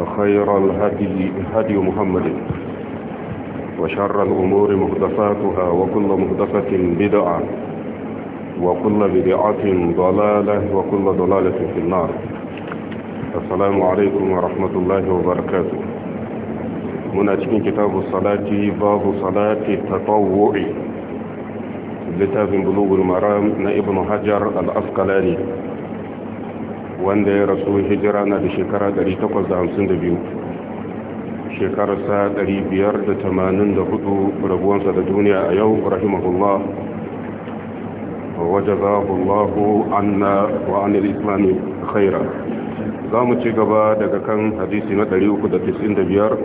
وخير الهدي هدي محمد وشر الأمور مهدفاتها وكل مهدفة بدعة وكل بدعة ضلالة وكل ضلالة في النار السلام عليكم ورحمة الله وبركاته من أجل كتاب الصلاة باب صلاة التطوع لتاب بلوغ المرام ابن حجر الأسقلاني wanda ya rasu hijira na da shekara 852 shekararsa 584 rabuwansa da duniya a yau rahimahullah wajazahullahu an na anil islami khaira za mu ci gaba daga kan hadisi na 395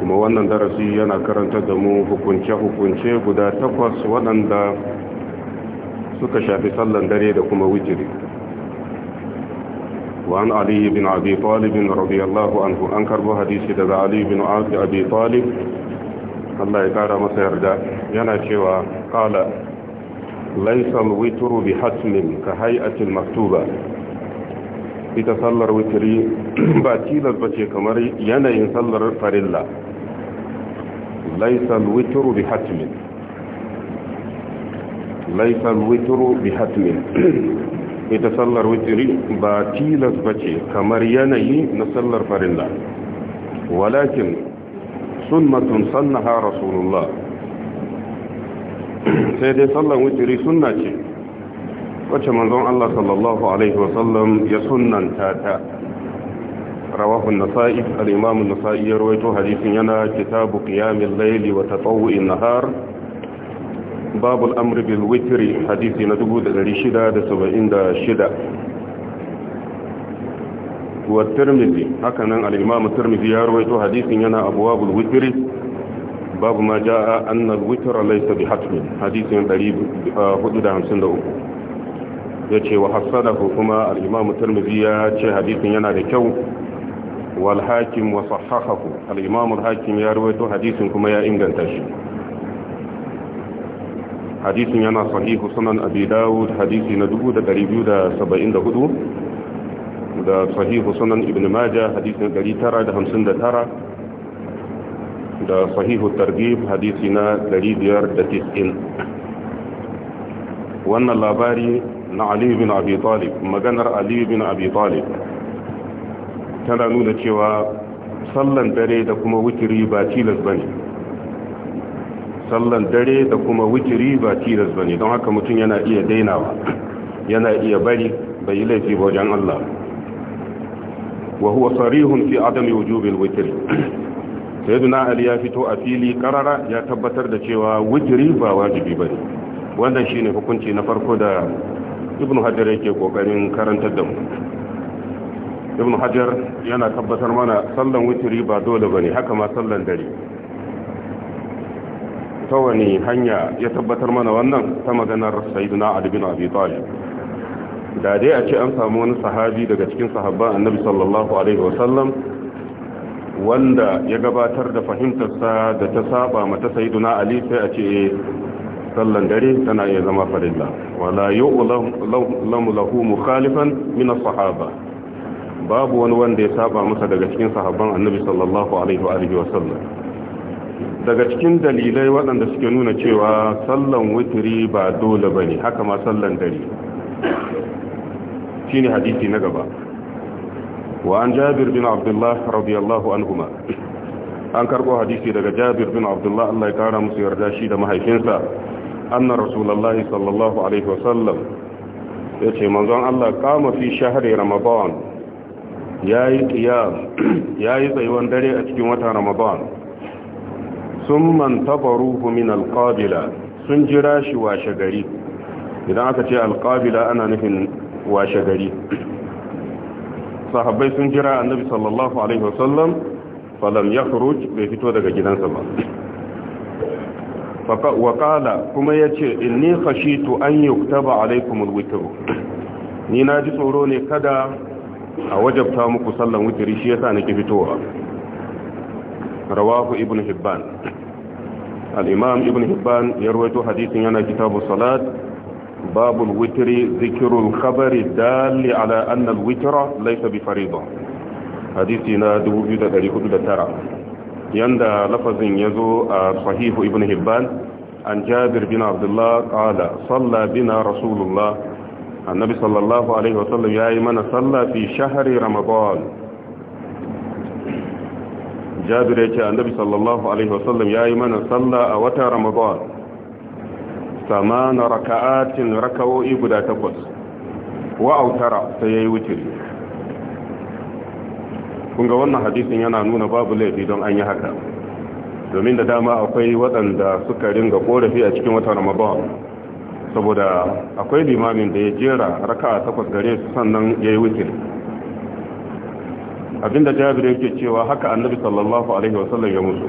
kuma wannan darasi yana karanta da mu hukunce-hukunce guda takwas waɗanda suka shafi sallan dare da kuma wujiri وعن علي بن أبي طالب رضي الله عنه أنكر بحديث دذا علي بن أبي طالب الله يقال مسير دا ينشوى قال ليس الوتر بحتم كهيئة المكتوبة يتصلر وتري باتيل البتي كمري ينين صلر فرلا ليس الوتر بحتم laifar witro bi ita sallar witri ba tilas bace kamar yanayi na sallar farilla walakin sunnatun sannaha rasulullah sai dai sallar witri sunna ce wacce manzon Allah sallallahu alaihi wasallam ya sunnanta ta rawahu an-nasa'i al-imam an hadisin yana kitabu qiyamil layli wa tatawwu'in nahar babul amri bil hadisi na 676 wa tirmidhi haka nan al-imam tirmidhi ya rawaito hadisin yana abwabul witri babu ma jaa anna al-witra laysa bihatmin hadisin Ya ce wa hasadahu kuma al-imam ya ce hadisin yana da kyau wal hakim wa sahahahu ya rawaito hadisin kuma ya inganta shi hadisin yana sahihu sunan abi dawud hadisi na 2274 da sahihu sunan ibn majah hadisi na 959 da sahihu targhib hadisi na 590 wannan labari na ali bin abi talib maganar ali bin abi talib tana nuna cewa sallan dare da kuma wutiri ba tilas bane sallan dare da kuma wikiri ba tilas bane don haka mutum yana iya dainawa yana iya bari bai yi laifi ba wajen Allah wa huwa sarihun fi adami wujubil witr sayyiduna ali ya fito a fili karara ya tabbatar da cewa witri ba wajibi bane wannan shine hukunci na farko da ibnu hajar yake kokarin karantar da mu ibnu hajar yana tabbatar mana sallan witri ba dole bane haka ma sallan dare ta wani hanya ya tabbatar mana wannan ta maganar sayyidina Ali bin Abi Talib da dai a ce an samu wani sahabi daga cikin sahabban Annabi sallallahu alaihi wasallam wanda ya gabatar da fahimtarsa da ta saba mata sayyidina Ali sai a ce eh, sallan dare tana iya zama farilla wala yu'lamu lahu mukhalifan min as-sahaba babu wani wanda ya saba masa daga cikin sahabban Annabi sallallahu alaihi wa alihi wasallam daga cikin dalilai waɗanda suke nuna cewa sallan witiri ba dole ba ne haka ma sallan dare shi ne hadisi na gaba wa an jabir bin abdullah radiyallahu anhuma an karɓo hadisi daga jabir bin abdullah allah ya kara musu yarda shi da mahaifinsa anna rasulallahi sallallahu alaihi wasallam ya ce manzon allah kama fi shahari ramadan ya yi tsayuwan dare a cikin wata ramadan sun mantabaruhu min alƙabila sun jira shi washe gari idan aka ce alƙabila ana nufin washe gari sahabbai sun jira annabi sallallahu alaihi wasallam falam ya furuj bai fito daga gidansa ba waƙala kuma ya ce in inni fashitu an yi taba alaikumul witiru ni na ji tsoro ne kada a wajabta muku sallan witiri shi ya yasa nake fitowa رواه ابن حبان الإمام ابن حبان يروي حديث ينا كتاب الصلاة باب الوتر ذكر الخبر الدال على أن الوتر ليس بفريضة حديثنا دبو تاريخ بيدا ترى يندى لفظ يزو آه، صحيح ابن حبان عن جابر بن عبد الله قال صلى بنا رسول الله النبي صلى الله عليه وسلم يا إيمان صلى في شهر رمضان jabir ya ce annabi sallallahu alaihi wasallam ya yi mana sallah a wata ramadan samana raka'atin raka'o'i guda takwas wa autara sai ya yi wutiri kunga wannan hadisin yana nuna babu laifi don an yi haka domin da dama akwai waɗanda suka ringa korafi a cikin wata ramadan saboda akwai limamin da ya jera raka'a takwas gare su sannan ya yi wutiri abinda jabir yake cewa haka annabi sallallahu alaihi wasallam ya musu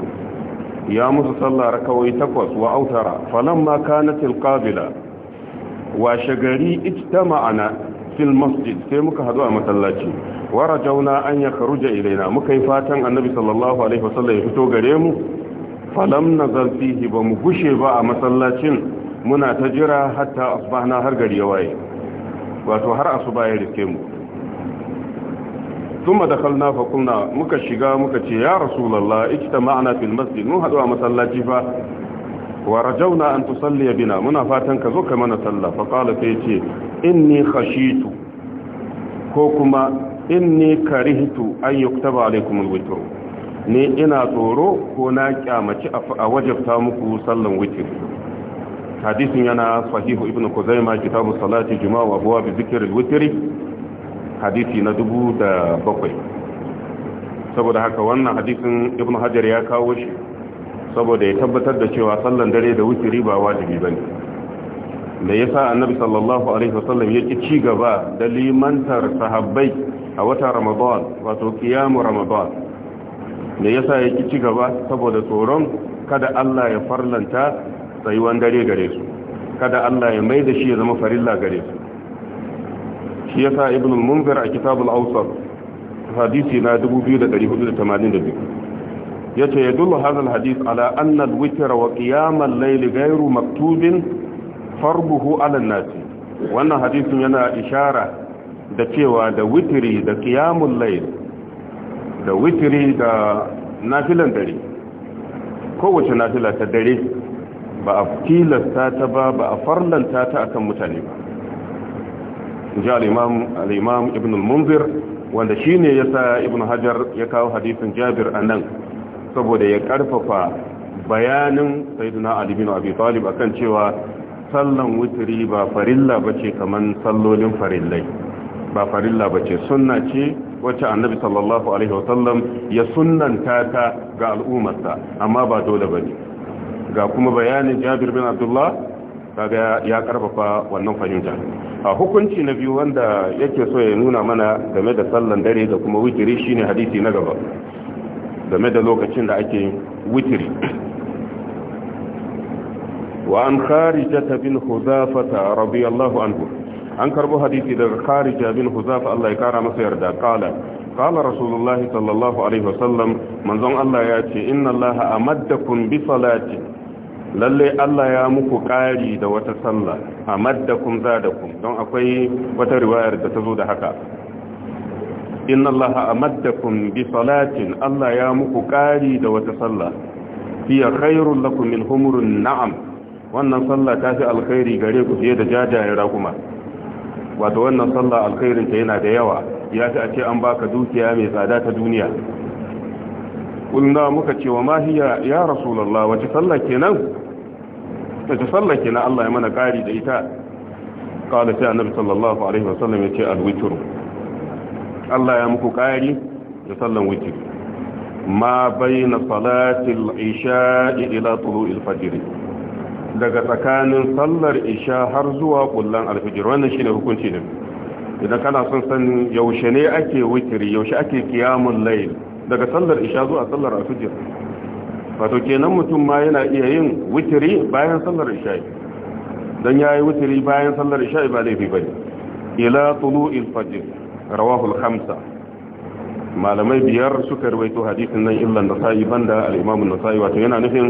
ya musu sallah rakawai takwas wa autara falamma kanat alqabila wa shagari ijtama'ana fil masjid sai muka hadu a masallaci wa rajauna an yakhruja ilaina muka yi fatan annabi sallallahu alaihi wasallam ya fito gare mu falam nazal fihi ba mu gushe ba a masallacin muna ta jira hatta asbahna har gari ya waye wato har asuba ya rike mu ثم دخلنا فقلنا muka shiga muka ce ya rasulullah ijtama'na fil masjid mun hadu a masallaci fa wa rajawna an tusalli bina muna fatan ka zo ka mana sallah fa qala sai ce inni khashitu ko kuma inni karihtu an yuktaba alaikum alwitr ne ina tsoro ko na kyamaci a wajabta muku sallan witr hadisin yana sahihu ibnu kuzaima kitabu salati juma'a wa abwab dhikr alwitr hadisi na dubu da bakwai saboda haka wannan hadisin ibn hajar ya kawo shi saboda ya tabbatar da cewa sallan dare da wuturi ba wajibi ba ne da ya sa annabi sallallahu alaihi wasallam ya ci ci gaba da limantar sahabbai a watan ramadan wato kiyamu ramadan da ya sa ya ci ci gaba saboda tsoron kada Allah ya farlanta tsayuwan dare gare su kada Allah ya mai da shi ya zama farilla gare su shi ya sa ibn al-munzir a kitabul awsat hadisi na 2482 yace yadullu hadha al-hadith ala anna al-witr wa qiyam al-layl ghayru maktubin farbuhu ala an-nas wannan hadisin yana ishara da cewa da witri da qiyamul layl da witri da nafilan dare kowace nafila ta dare ba a tilasta ta ba ba a farlanta ta akan mutane ba ji al'imam ibn al-munzir wanda shi ne ya sa ibn hajar ya kawo hadisin jabir a nan saboda ya karfafa bayanin saiduna alibinu abi talib a kan cewa sallan wuturi ba farilla ba ce kamar sallolin farillai ba farilla ba ce sunna ce wacce annabi sallallahu alaihi wasallam ya sunanta ta ga al'ummarsa amma ba dole ba ne ga kuma bayanin jabir bin abdullah kaga ya karfafa wannan fahimta a hukunci na biyu wanda yake so ya nuna mana game da sallan dare da kuma witiri shine hadisi na gaba game da lokacin da ake witiri wa an kharijata bin huzafata radiyallahu anhu an karbo hadisi daga kharija bin huzafa Allah ya kara masa yarda kala kala rasulullahi sallallahu alaihi wasallam manzon Allah ya ce inna Allah amaddakum bi salati lalle Allah ya muku ƙari da wata sallah a maddakum zadakum don akwai wata riwayar da ta zo da haka inna Allah a maddakum bi salatin Allah ya muku ƙari da wata sallah fiye khairun lakum min humurun na'am wannan sallah ta fi alkhairi gare ku fiye da jajayen rakuma wato wannan sallah alkhairin ta yana da yawa ya fi a ce an baka dukiya mai tsada ta duniya kulna muka ce wa mahiya ya rasulallah wace sallah kenan wace sallah kenan Allah ya mana kari da ita kala sai annabi sallallahu alaihi wasallam yace alwitr Allah ya muku kari da sallan witr ma bayna salati al-isha ila tulu'i al-fajr daga tsakanin sallar isha har zuwa kullan al-fajr wannan shine hukunci ne idan kana son sanin yaushe ne ake witr yaushe ake qiyamul layl daga sallar isha zuwa sallar asujir wato kenan mutum ma yana iya yin witiri bayan sallar isha dan yayi witiri bayan sallar isha ba laifi bane ila tulu'il fajr rawahu al-khamsa malamai biyar suka rawaito hadisin nan illa an-nasa'i banda al-imam an-nasa'i wato yana nufin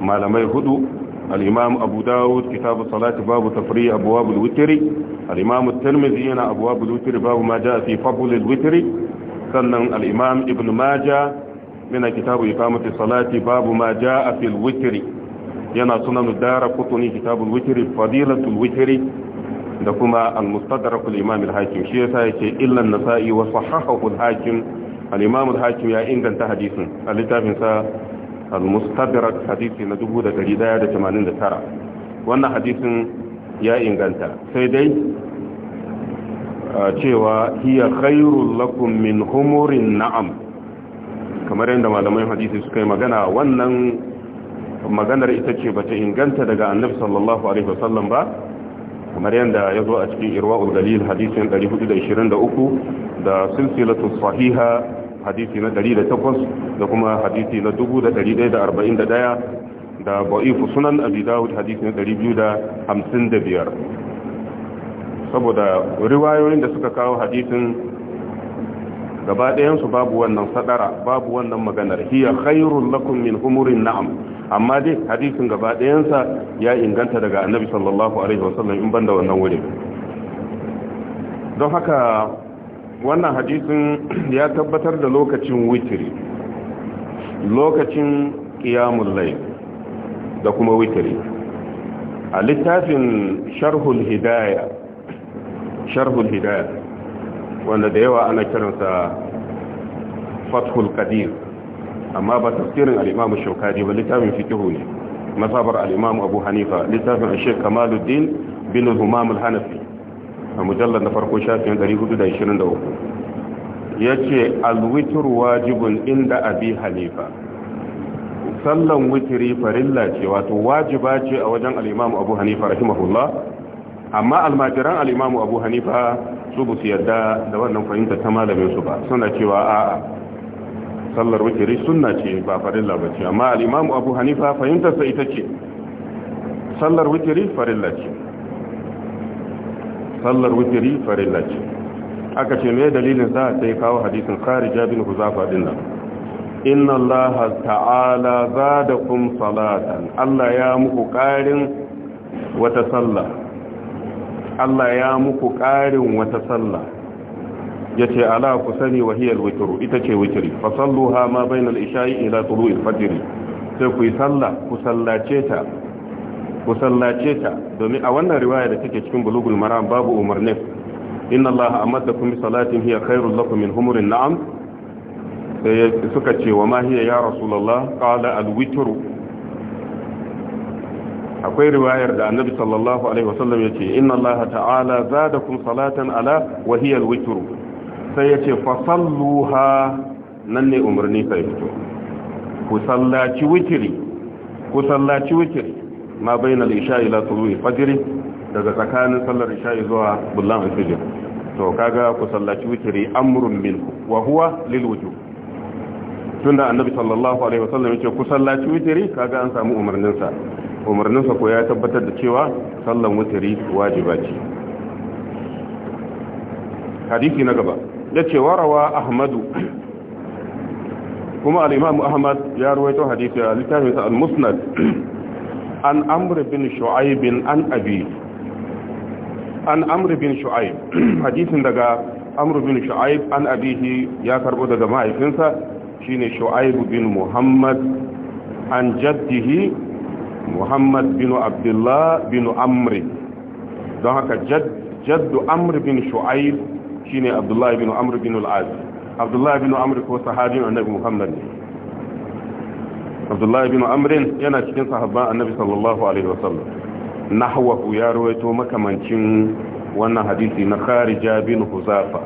malamai hudu الإمام أبو داود كتاب الصلاة باب تفريع أبواب الوتر الإمام الترمذي هنا أبواب babu ma ما جاء في فضل الوتر sannan alimam ibn maja yana kitabu iqamati salati babu ma jaa fil witri yana sunan daraqutni kitabu witri fadilatul witri da kuma al-mustadrak al-imam al-hakim shi yasa yake illa an-nasa'i wa sahahahu al-hakim al-imam al-hakim ya inganta hadisin a littafin sa al-mustadrak hadisi na 1189 wannan hadisin ya inganta sai dai cewa hiya khairul lakum min humurin na'am kamar yadda malamai hadisi suka yi magana wannan maganar ita ce bata inganta daga annabi sallallahu alaihi wasallam ba kamar yadda ya zo a cikin irwa'ul dalil hadisin 423 da silsilatu sahiha hadisi na 108 da kuma hadisi na 1141 da ba'ifu sunan abi dawud hadisi na 255 saboda riwayoyin da suka kawo hadisin gaba babu wannan sadara babu wannan maganar hiya khairul lakum min humurin na'am amma dai hadisin gaba ya inganta daga annabi sallallahu alaihi wasallam in banda wannan wurin don haka wannan hadisin ya tabbatar da lokacin witiri lokacin qiyamul layl da kuma witiri a littafin sharhul hidayah sharhul hidaya wanda da yawa ana kiransa fathul qadir amma ba tafsirin al-imam shaukani ba littafin fiqhu ne masabar al-imam abu hanifa littafin shaykh kamaluddin bin humam al-hanafi a mujallar na farko shafin 423 yace al-witr wajibun inda abi hanifa sallan witri farilla ce wato wajiba ce a wajen al-imam abu hanifa rahimahullah amma almajiran al'imamu abu hanifa su bu su yarda da wannan fahimta ta malamin su ba suna cewa a'a sallar wikiri sunna ce ba farilla ba ce amma al'imamu abu hanifa fahimtarsa ita ce sallar wikiri farilla ce sallar wikiri farilla ce aka ce mai dalilin za a sai kawo hadisin kharija bin ku din nan inna allaha ta'ala za da kun salatan allah ya muku ƙarin wata sallah Allah ya muku ƙarin wata sallah ya ce ala ku sani wahiyar witiru ita ce witiri fasallu ha ma bainal isha'i ila tulu'il fajiri sai ku yi sallah ku sallace ta ku sallace ta domin a wannan riwaya da take cikin bulugul maram babu umarnin inna Allah amadakum bi salatin hiya khairul lakum min humurin na'am sai suka ce wa ma hiya ya rasulullah qala al akwai riwayar da annabi sallallahu alaihi wasallam ya ce inna allaha ta'ala zadakum salatan ala wahiyal hiya witr sai ya ce fa salluha nan ne umarni sai fito ku sallaci witri ku sallaci witri ma bayna al-isha ila tulu'i fajr daga tsakanin sallar isha zuwa bullan al-fajr to kaga ku sallaci witri amrun minku wa huwa lil wujub tunda annabi sallallahu alaihi wasallam yake ku sallaci witiri kaga an samu umarnin sa umarnin sa ko ya tabbatar da cewa sallan witiri wajiba ce hadisi na gaba yace warawa ahmadu kuma al-imam ahmad ya ruwaito hadisi a littafin al-musnad an amr bin shu'aib an abi an amr bin shu'aib hadisin daga amr bin shu'aib an abihi ya karbo daga mahaifinsa shine shu'aibu bin muhammad an jaddihi muhammad bin abdullah bin amri don haka jaddu amri bin shu'aib shine abdullah bin amri bin al al'az abdullah bin amri ko sahabin annabi muhammad ne abdullah bin amrin yana cikin sahabban annabi sallallahu alaihi wasallam nahwahu ya rawaito makamancin wannan hadisi na kharija bin huzafa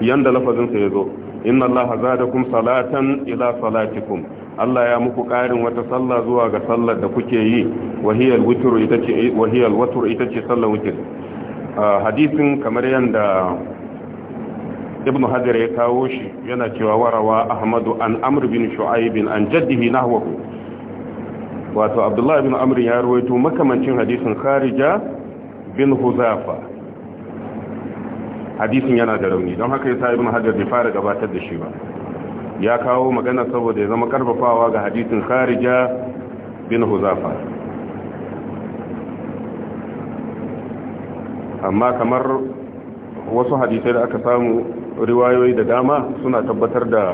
yanda lafazinsa ya zo inna allaha zadakum salatan ila salatikum Allah ya muku ƙarin wata sallah zuwa ga sallar da kuke yi wahiyar wutur ita ce wahiyar wutur ita ce sallar wutur hadisin kamar yanda ibn hajar ya kawo shi yana cewa warawa ahmadu an amr bin shu'aib an jaddihi nahwahu wato abdullahi bin amr ya ruwaito makamancin hadisin kharija bin huzafa hadisin yana da rauni don haka yasa ibn hajar bai fara gabatar da shi ba ya kawo magana saboda ya zama karfafawa ga hadisin kharija bin huzafa amma kamar wasu hadisai da aka samu riwayoyi da dama suna tabbatar da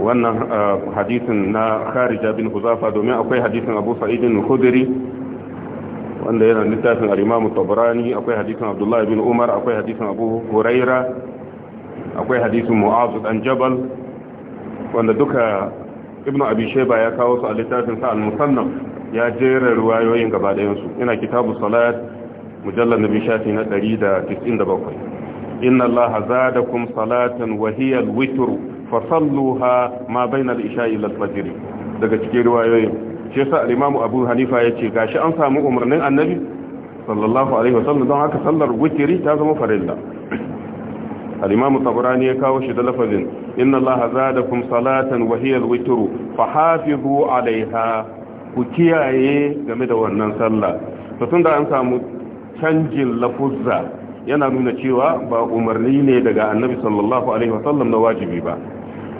wannan ah, hadisin na kharija bin huzafa domin akwai hadisin abu sa'idin khudri wanda yana littafin al Tabrani akwai hadisin Abdullah ibn Umar akwai hadisin Abu Huraira akwai hadisin Mu'az dan Jabal wanda duka Ibn Abi Shayba ya kawo su a littafin sa al-Musannaf ya jera ruwayoyin gaba ɗayan su yana kitabu salat mujallal nabi shafi na 197 inna allaha zadakum salatan wa hiya al-witr fa salluha ma bayna al-isha'i ila al-fajr daga cikin ruwayoyin shi yasa al-imamu abu hanifa yace gashi an samu umarnin annabi sallallahu alaihi wasallam don haka sallar witri ta zama farilla al-imamu ya kawo shi da lafazin inna allaha zadakum salatan wa hiya al-witru fahafizu alaiha ku kiyaye game da wannan sallah to tunda an samu canjin lafuzza yana nuna cewa ba umarni ne daga annabi sallallahu alaihi wasallam na wajibi ba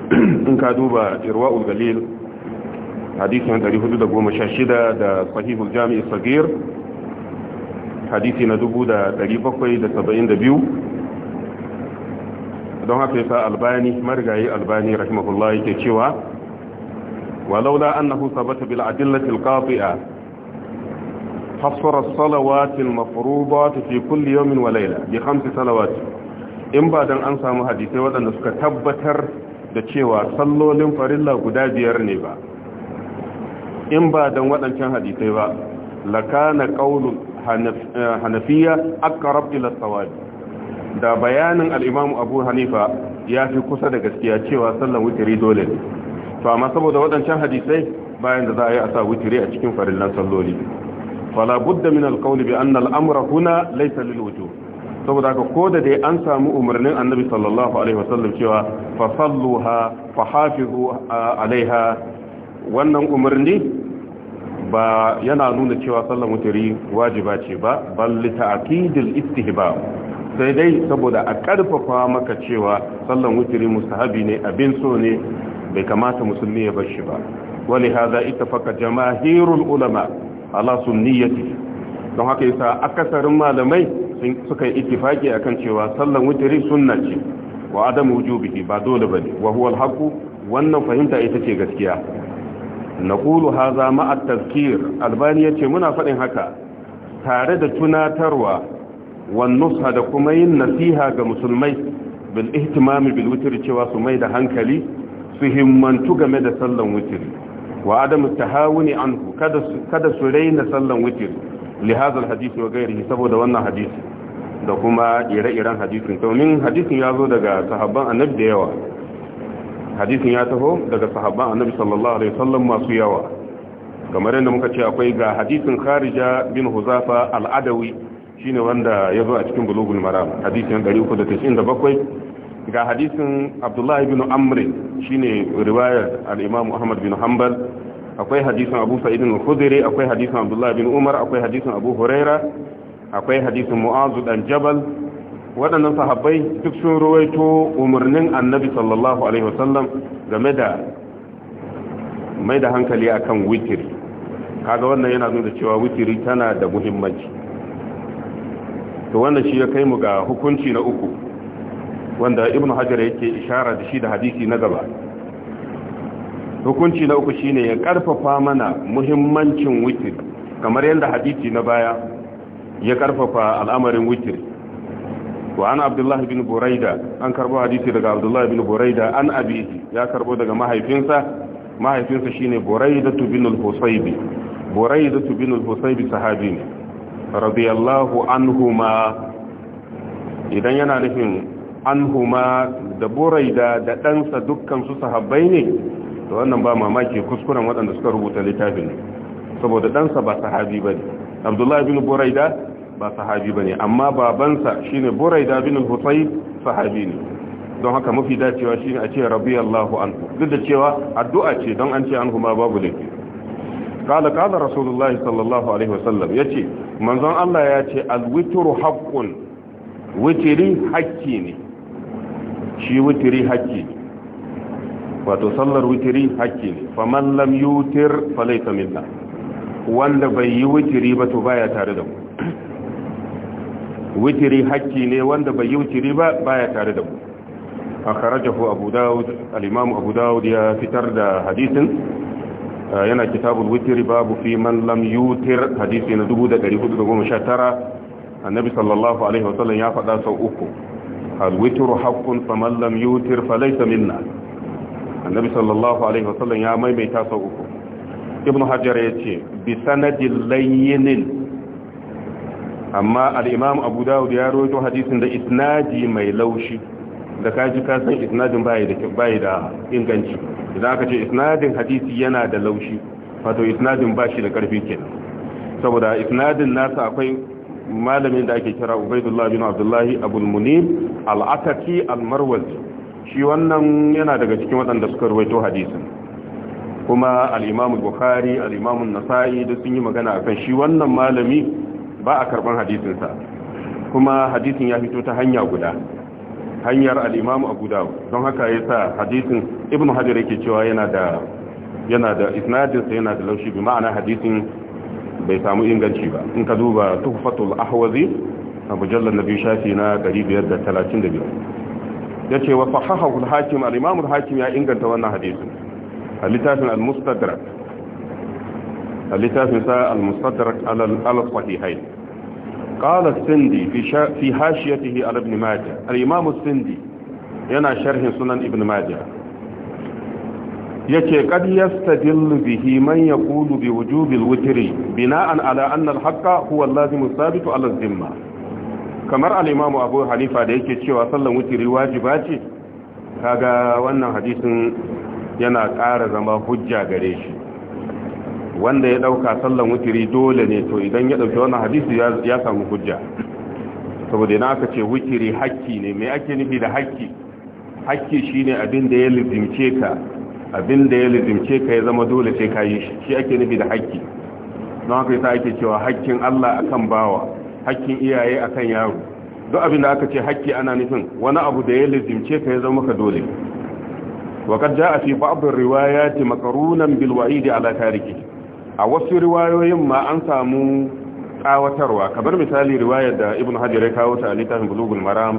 in ka duba irwaul galil hadisin 416 da sahihul jami'i sagir hadisi na 772 don haka yasa albani marigayi albani rahimahullah yake cewa walaula annahu sabata bil adillati al qati'a fassara as-salawati al-mafrudati fi kulli yawmin wa layla bi khamsi salawati in ba dan an samu hadisi wadanda suka tabbatar da cewa sallolin farilla guda biyar ne ba in ba dan waɗancan hadisai ba lakana qaulul eh, hanafiya aqrab ila da bayanin al-imam abu hanifa ya fi kusa da gaskiya cewa sallan witri dole ne to amma saboda waɗancan hadisai bayan da za a yi a sa witri a cikin farillan salloli fala budda min al bi anna al-amra saboda haka ko da dai an samu umarnin annabi sallallahu alaihi wasallam cewa fa ha fa hafizu eh, alaiha wannan umarni ba yana nuna cewa sallar wuturi wajiba ce ba balli ta'kidil istihbab sai dai saboda a karfafa maka cewa sallar wuturi mustahabi ne abin so ne bai kamata musulmi ya bar shi ba wani hada ittafaqa jamaahirul ulama ala sunniyati don haka yasa akasarin malamai suka yi ittifaki akan cewa sallar wuturi sunna ce wa adam wujubihi ba dole bane wa huwa al wannan fahimta ita ce gaskiya ha hadha ma'a tazkir albani ya ce muna faɗin haka tare da tunatarwa wan da kuma yin nasiha ga musulmai bil ihtimami bil witr cewa su mai da hankali su himmantu game da sallan witr wa adamu tahawuni anhu kada su kada su raina sallan witr li hadha al hadith wa ghayrihi saboda wannan hadisi da kuma ire-iren hadisin domin hadisin ya zo daga sahabban annabi da yawa hadisin ya taho daga sahabban annabi sallallahu alaihi wasallam masu yawa kamar yadda muka ce akwai ga hadisin kharija bin huzafa al-adawi shine wanda ya zo a cikin bulugul maram hadisin 397 ga hadisin abdullah ibn amr shine riwayar al-imam ahmad bin hanbal akwai hadisin abu sa'id al-khudri akwai hadisin abdullah bin umar akwai hadisin abu huraira akwai hadisin mu'azu dan jabal waɗannan sahabbai duk sun ruwaito umarnin annabi sallallahu alaihi wasallam game da mai da hankali akan witiri kaga wannan yana zuwa cewa witiri tana da muhimmanci to wannan shi ya kai mu ga hukunci na uku wanda ibn hajar yake ishara da shi da hadisi na gaba hukunci na uku shine ya karfafa mana muhimmancin witiri kamar yadda hadisi na baya ya karfafa al'amarin witiri wa an abdullahi bin buraida an karbo hadisi daga abdullahi bin buraida an abihi ya karbo daga mahaifinsa mahaifinsa shine buraidatu bin al-husaybi buraidatu bin al-husaybi sahabi ne radiyallahu anhuma idan yana nufin anhuma da buraida da ɗansa dukkan su sahabbai ne to wannan ba mamaki kuskuren waɗanda suka rubuta littafin saboda ɗansa ba sahabi ba ne abdullahi bin buraida ba sahabi ba ne amma babansa shine Buraida bin al-Husayb sahabi ne don haka mafi dacewa shi ne a ce radiyallahu anhu duk da cewa addu'a ce don an ce anhu ma babu laifi قال قال رسول الله صلى الله عليه وسلم يتي منزون الله يتي الوتر حق وتري haƙƙi ne shi wutiri haƙƙi ne wato sallar wutiri haƙƙi ne fa man lam yutir falaita minna wanda bai yi wutiri ba to baya tare da mu witiri hakki ne wanda bai yi witiri ba baya tare da mu a karajahu abu dawud alimamu abu dawud ya fitar da hadisin uh, yana kitabul witiri babu fi man lam yutir hadisi na 1419 annabi sallallahu alaihi wasallam ya faɗa sau uku al-witru haqqun faman lam yutir falaysa minna annabi sallallahu alaihi wasallam ya maimaita sau uku ibn hajar ya ce bi sanadin layyinin amma al abu dawud ya rawaito hadisin da isnadi mai laushi da kaji ka san isnadin da da inganci idan aka ce isnadin hadisi yana da laushi wato isnadin bashi da karfi kenan saboda isnadin nasa akwai malamin da ake kira Ubaidullah bin Abdullah Abul Munib al-Ataki al shi wannan yana daga cikin waɗanda suka ruwaito hadisin kuma al-Imam Bukhari al Nasa'i da sun yi magana akan shi wannan malami ba a karban hadisinsa kuma hadisin ya fito ta hanya guda hanyar alimamu a guda don haka ya sa hadisin ibnu hajjar yake cewa yana da yana isnadinsa yana da laushi bi ma'ana hadisin bai samu inganci ba in ka duba tufatul ahwazi a mujallar biyu shafi na biyu. ya ce wa sahahahu hakim al hakim ya inganta wannan hadisin a littafin al-mustadrak a littafin sa al-mustadrak al-sahihain qala sindi fi hashiyatihi ala ibn majah al-imam sindi yana sharhin sunan ibn maja yace qad yastadillu bihi man yaqulu bi wujubi al-witri bina'an ala anna al-haqqa huwa al-lazim as ala zimma kamar al-imam abu hanifa da yake cewa sallan witri wajiba ce kaga wannan hadisin yana ƙara zama hujja gare shi wanda ya dauka sallan witiri dole ne to idan ya dauki wannan hadisi ya samu hujja saboda na aka ce witiri hakki ne me ake nufi da hakki hakki shine abin da ya lizimce ka abin da ya lizimce ka ya zama dole ce ka yi shi shi ake nufi da hakki don haka yasa ake cewa hakkin Allah akan bawa hakkin iyaye akan yaro duk abin da aka ce hakki ana nufin wani abu da ya lizimce ka ya zama ka dole وقد جاء في بعض الروايات مقرونا بالوعيد على تاركه a wasu riwayoyin ma an samu tsawatarwa kamar misali riwayar da ibn hajar ya kawo ta a littafin bulugul maram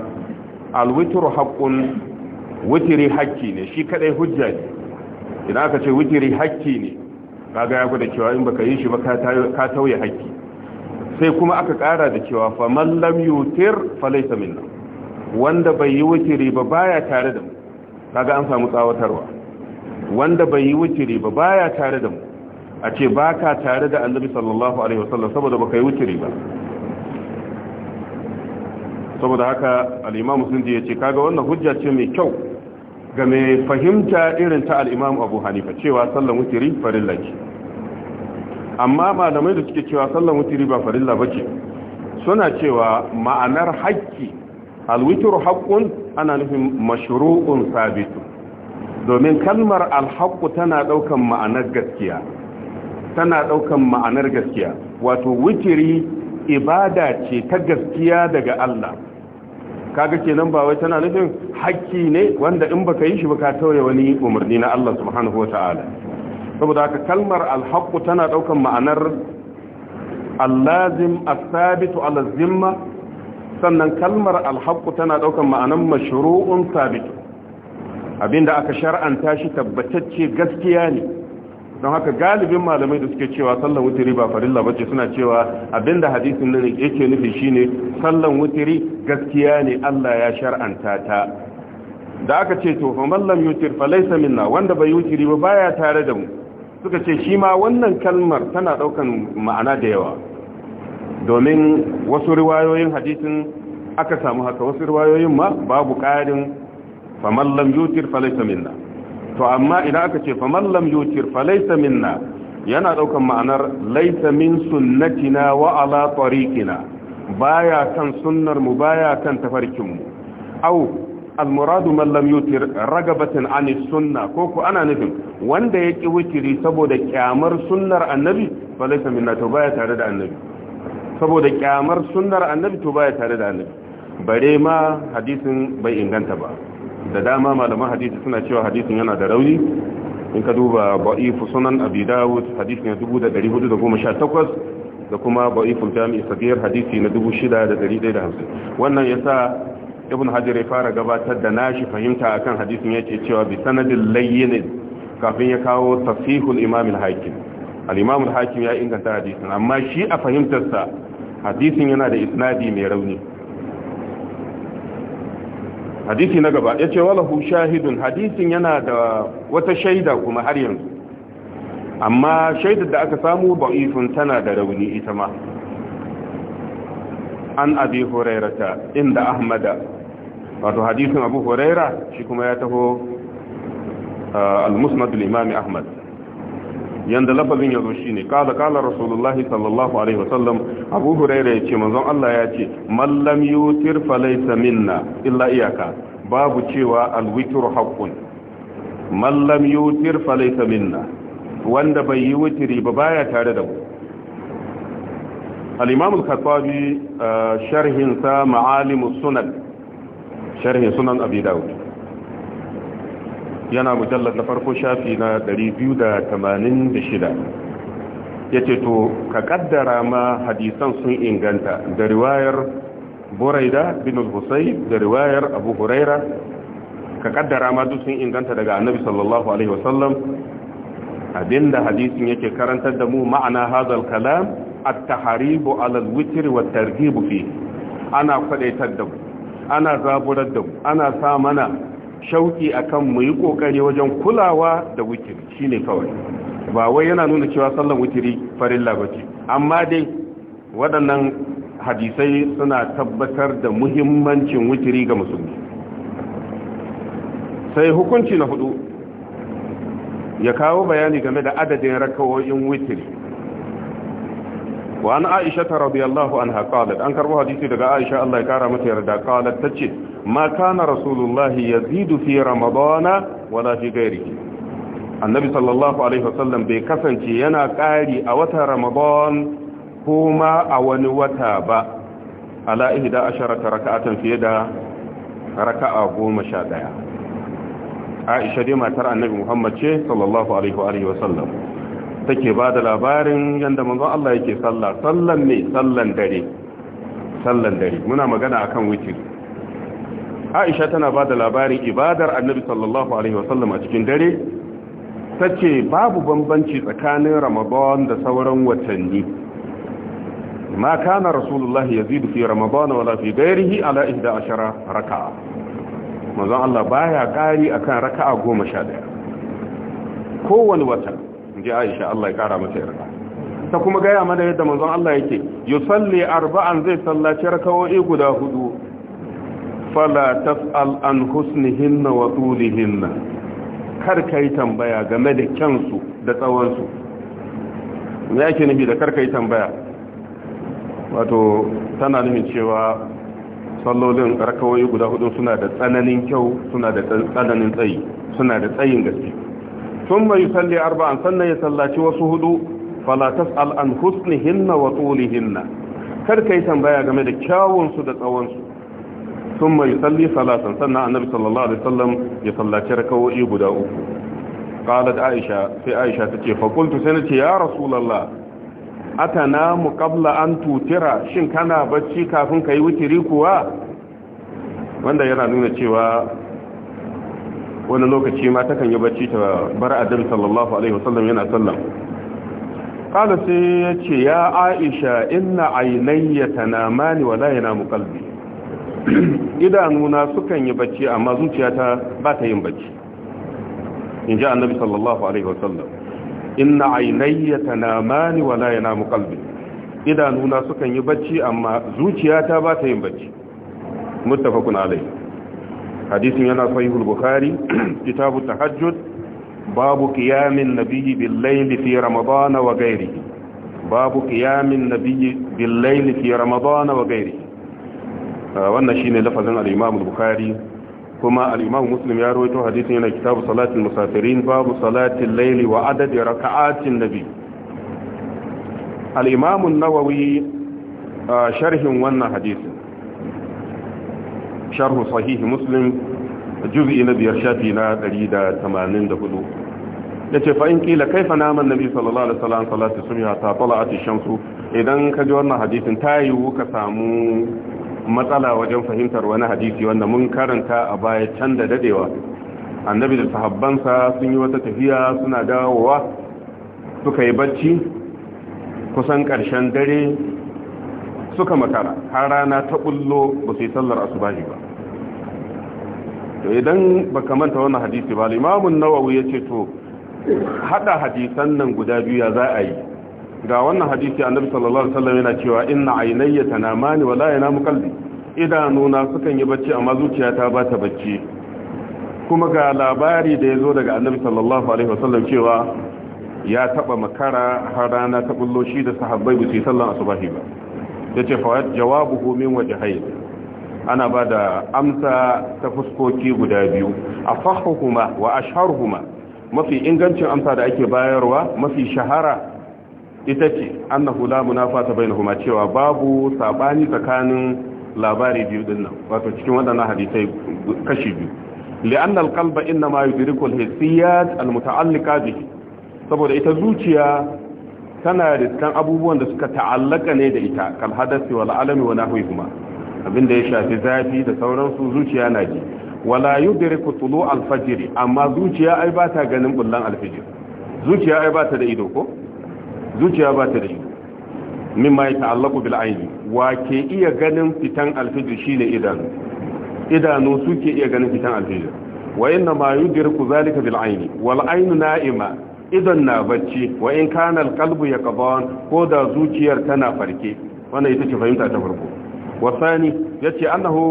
alwitru haqqun witri haqqi ne shi kadai hujja ne idan aka ce witri haqqi ne kaga ya gwada cewa in baka yi shi ba ka tauye haqqi sai kuma aka kara da cewa fa man lam yutir fa laysa minna wanda bai yi witri ba baya tare da mu kaga an samu tsawatarwa wanda bai yi witri ba baya tare da mu a ce ba ka tare da annabi sallallahu alaihi wasallam saboda ba ka yi wuturi ba saboda haka al musulunci ya ce kaga wannan hujja ce mai kyau ga mai fahimta irin ta al-imam abu hanifa cewa sallan wuturi farilla ce amma malamai da suke cewa sallan wuturi ba farilla bace suna cewa ma'anar haƙƙi al haƙƙun ana nufin mashru'un sabitu domin kalmar alhaƙƙu tana ɗaukan ma'anar gaskiya tana ɗaukan ma'anar gaskiya wato witiri ibada ce ta gaskiya daga Allah kaga kenan ba wai tana nufin hakki ne wanda in baka yi shi baka tauye wani umarni na Allah subhanahu wata'ala saboda haka kalmar alhaqqu tana ɗaukan ma'anar allazim as-sabitu ala zimma sannan kalmar alhaqqu tana ɗaukan ma'anar mashru'un sabit abinda aka shar'anta shi tabbatacce gaskiya ne don haka galibin malamai da suke cewa sallan wutiri ba farilla bace suna cewa abinda hadisin nan yake nufi shine sallan wutiri gaskiya ne Allah ya shar'anta ta da aka ce to man lam yutir laysa minna wanda bai wutiri ba baya tare da mu suka ce shi ma wannan kalmar tana daukan ma'ana da yawa domin wasu riwayoyin hadisin aka samu haka wasu riwayoyin ma babu ƙarin man lam yutir laysa minna to amma idan aka ce fa Mallam yutir fa laysa minna yana daukan ma'anar laysa min sunnatina wa ala tariqina baya kan sunnar mu baya kan tafarkin mu au almuradu man lam yutir ragabatan an sunna ko ko ana nufin wanda yake witiri saboda kyamar sunnar annabi fa laysa minna to baya tare da annabi saboda kyamar sunnar annabi to baya tare da annabi bare ma hadisin bai inganta ba da dama malaman hadisi suna cewa hadisin yana da rauni in ka duba ba'ifu sunan abi dawud hadisi na dubu da kuma ba'ifu jami'i sagir hadisi na 6150 wannan yasa ibn hajar ya fara gabatar da nashi fahimta akan hadisin yake cewa bi sanadin layyin kafin ya kawo tafihul imam hakim al-imam al-hakim ya inganta hadisin amma shi a fahimtarsa hadisin yana da isnadi mai rauni hadisi na gaba ya ce walahu shahidun hadisin yana da wata shaida kuma har yanzu amma shaidar da aka samu ba'ifin tana da rauni ita ma an abi hurairata inda ahmada wato hadisin abu huraira shi kuma ya taho uh, al-musnad al-imam ahmad yanda lafazin yazo shine qala kala rasulullahi sallallahu alaihi wasallam abu huraira yace manzon Allah ya ce mallam yutir falaysa minna illa iyaka babu cewa alwitru haqqun mallam yutir falaysa minna wanda bai yi wutiri ba baya tare da mu al-imam al-khattabi uh, sharhin sa sunan sharhin sunan abi yana mujallar na farko shafi na 286 ya ce to ka kaddara ma hadisan sun inganta da riwayar buraida bin al da riwayar abu huraira ka kaddara ma duk sun inganta daga annabi sallallahu alaihi wasallam abinda hadisin yake karantar da mu ma'ana hazal kalam at-taharibu ala al-witr wa targhibu fi ana kwadaitar da ana zaburar da ana sa mana shauki akan mu yi kokari wajen kulawa da witiri shine kawai ba wai yana nuna cewa sallan witiri farin labarci amma dai waɗannan hadisai suna tabbatar da muhimmancin witiri ga musulmi sai hukunci na hudu ya kawo bayani game da adadin rakawoyin witiri wa an aisha ta allahu an haƙalat an karbo hadisi daga aisha Allah ya kara mata yarda ta ce. ma kana rasulullahi yazidu fi ramadana wala fi ghairihi annabi sallallahu alaihi wasallam bai kasance yana ƙari a watan ramadan kuma a wani wata ba ala ihda asharata raka'atan fiye da raka'a goma sha ɗaya aisha dai matar annabi muhammad ce sallallahu alaihi wa alihi wasallam take ba da labarin yadda manzon Allah yake sallah sallan ne sallan dare sallan dare muna magana akan witr aisha tana ba da labarin ibadar annabi sallallahu alaihi wasallam a cikin dare ta ce babu bambanci tsakanin ramadan da sauran watanni ma kana rasulullahi yazidu fi ramadan wala fi ghairihi ala 11 raka'a manzon Allah baya kari akan raka'a 11 kowanne wata inji Aisha Allah ya kara mata yarda ta kuma gaya mana yadda manzon Allah yake yusalli arba'an zai sallaci raka'o'i guda hudu fala tas'al an husnihinna wa tulihinna kar kai tambaya game da kyansu da tsawon su me yake nufi da kar kai tambaya wato tana nufin cewa sallolin rakawoyi guda hudu suna da tsananin kyau suna da tsananin tsayi suna da tsayin gaske sun mai salli arba'an sannan ya sallaci wasu hudu fala tas'al an husnihinna wa tulihinna kar kai tambaya game da kyawunsu da tsawonsu sun mai salli salatan sannan annabi sallallahu alaihi wasallam ya sallaci rakawoyi guda uku qalat aisha sai aisha tace fa qultu sai nace ya rasulullah atana mu qabla an tutira shin kana bacci kafin kai witiri kuwa wanda yana nuna cewa wani lokaci ma takan yi bacci ta bar adam sallallahu alaihi wasallam yana sallam qala sai yace ya aisha inna aynayya tanamani wala yanamu qalbi idanuna sukan yi bacci amma zuciyata ba ta yin bacci in ji annabi sallallahu alaihi wasallam inna ainayya tanamani wa la yanamu qalbi idanuna sukan yi bacci amma zuciyata ba ta yin bacci muttafaqun alaihi hadisin yana sahihul bukhari kitabu tahajjud babu qiyamin nabiyyi bil layli fi ramadana wa ghairihi babu qiyamin nabiyyi bil layli fi ramadana wa ghairihi wannan shine lafazin al-Imam al-Bukhari kuma al-Imam Muslim ya rawaito hadisin yana kitabu salatin musafirin babu salatin layli wa adad raka'atin nabi al-Imam an-Nawawi sharhin wannan hadisin sharh sahih Muslim juz'i na biyar shafi na 184 da ce fa'in kila kai fanaman nabi sallallahu alaihi wasallam salatu sumiya ta tala'ati shamsu idan ka wannan hadisin ta yiwu ka samu matsala wajen fahimtar wani hadisi wanda mun karanta a baya can da dadewa annabi da sahabbansa sun yi wata tafiya suna dawowa suka yi bacci kusan karshen dare suka makara har rana ta bullo ba su yi sallar asubahi ba to idan ba manta wannan hadisi ba limamun nawawi ya ce to hada hadisan nan guda biyu ya za a yi ga wannan hadisi annabi sallallahu alaihi wasallam yana cewa inna aynayya tanamani wala yanamu qalbi idanuna sukan yi bacci amma zuciyata ba ta bacci kuma ga labari da yazo daga annabi sallallahu alaihi wasallam cewa ya taba makara har rana ta bullo shi da sahabbai bi sallan asubahi ba yace fa jawabuhu min wajhayn ana bada amsa ta fuskoki guda biyu afahhuma wa ashharuhuma mafi ingancin amsa da ake bayarwa mafi shahara ita ce annahu hula munafata bainahuma cewa babu sabani tsakanin labari biyu din nan wato cikin waɗannan hadisai kashi biyu li'anna al-qalba inma yudriku al-hissiyat al-muta'alliqa bihi saboda ita zuciya tana riskan abubuwan da suka ta'allaka ne da ita kal hadasi wal alami wa nahwihuma abinda ya shafi zafi da sauransu zuciya na ji wala yudriku tulu al-fajr amma zuciya ai ba ta ganin bullan al-fajr zuciya ai ba ta da ido ko zuciya ba ta da ido mimma ya ta'allaku bil aini wa ke iya ganin fitan alfijir shine idanu idanu suke iya ganin fitan alfijir wa inna ma yudriku zalika bil aini wal ainu na'ima idan na bacci wa in kana al qalbu yaqban ko da zuciyar tana farke wannan ita ce fahimta ta farko wasani yace annahu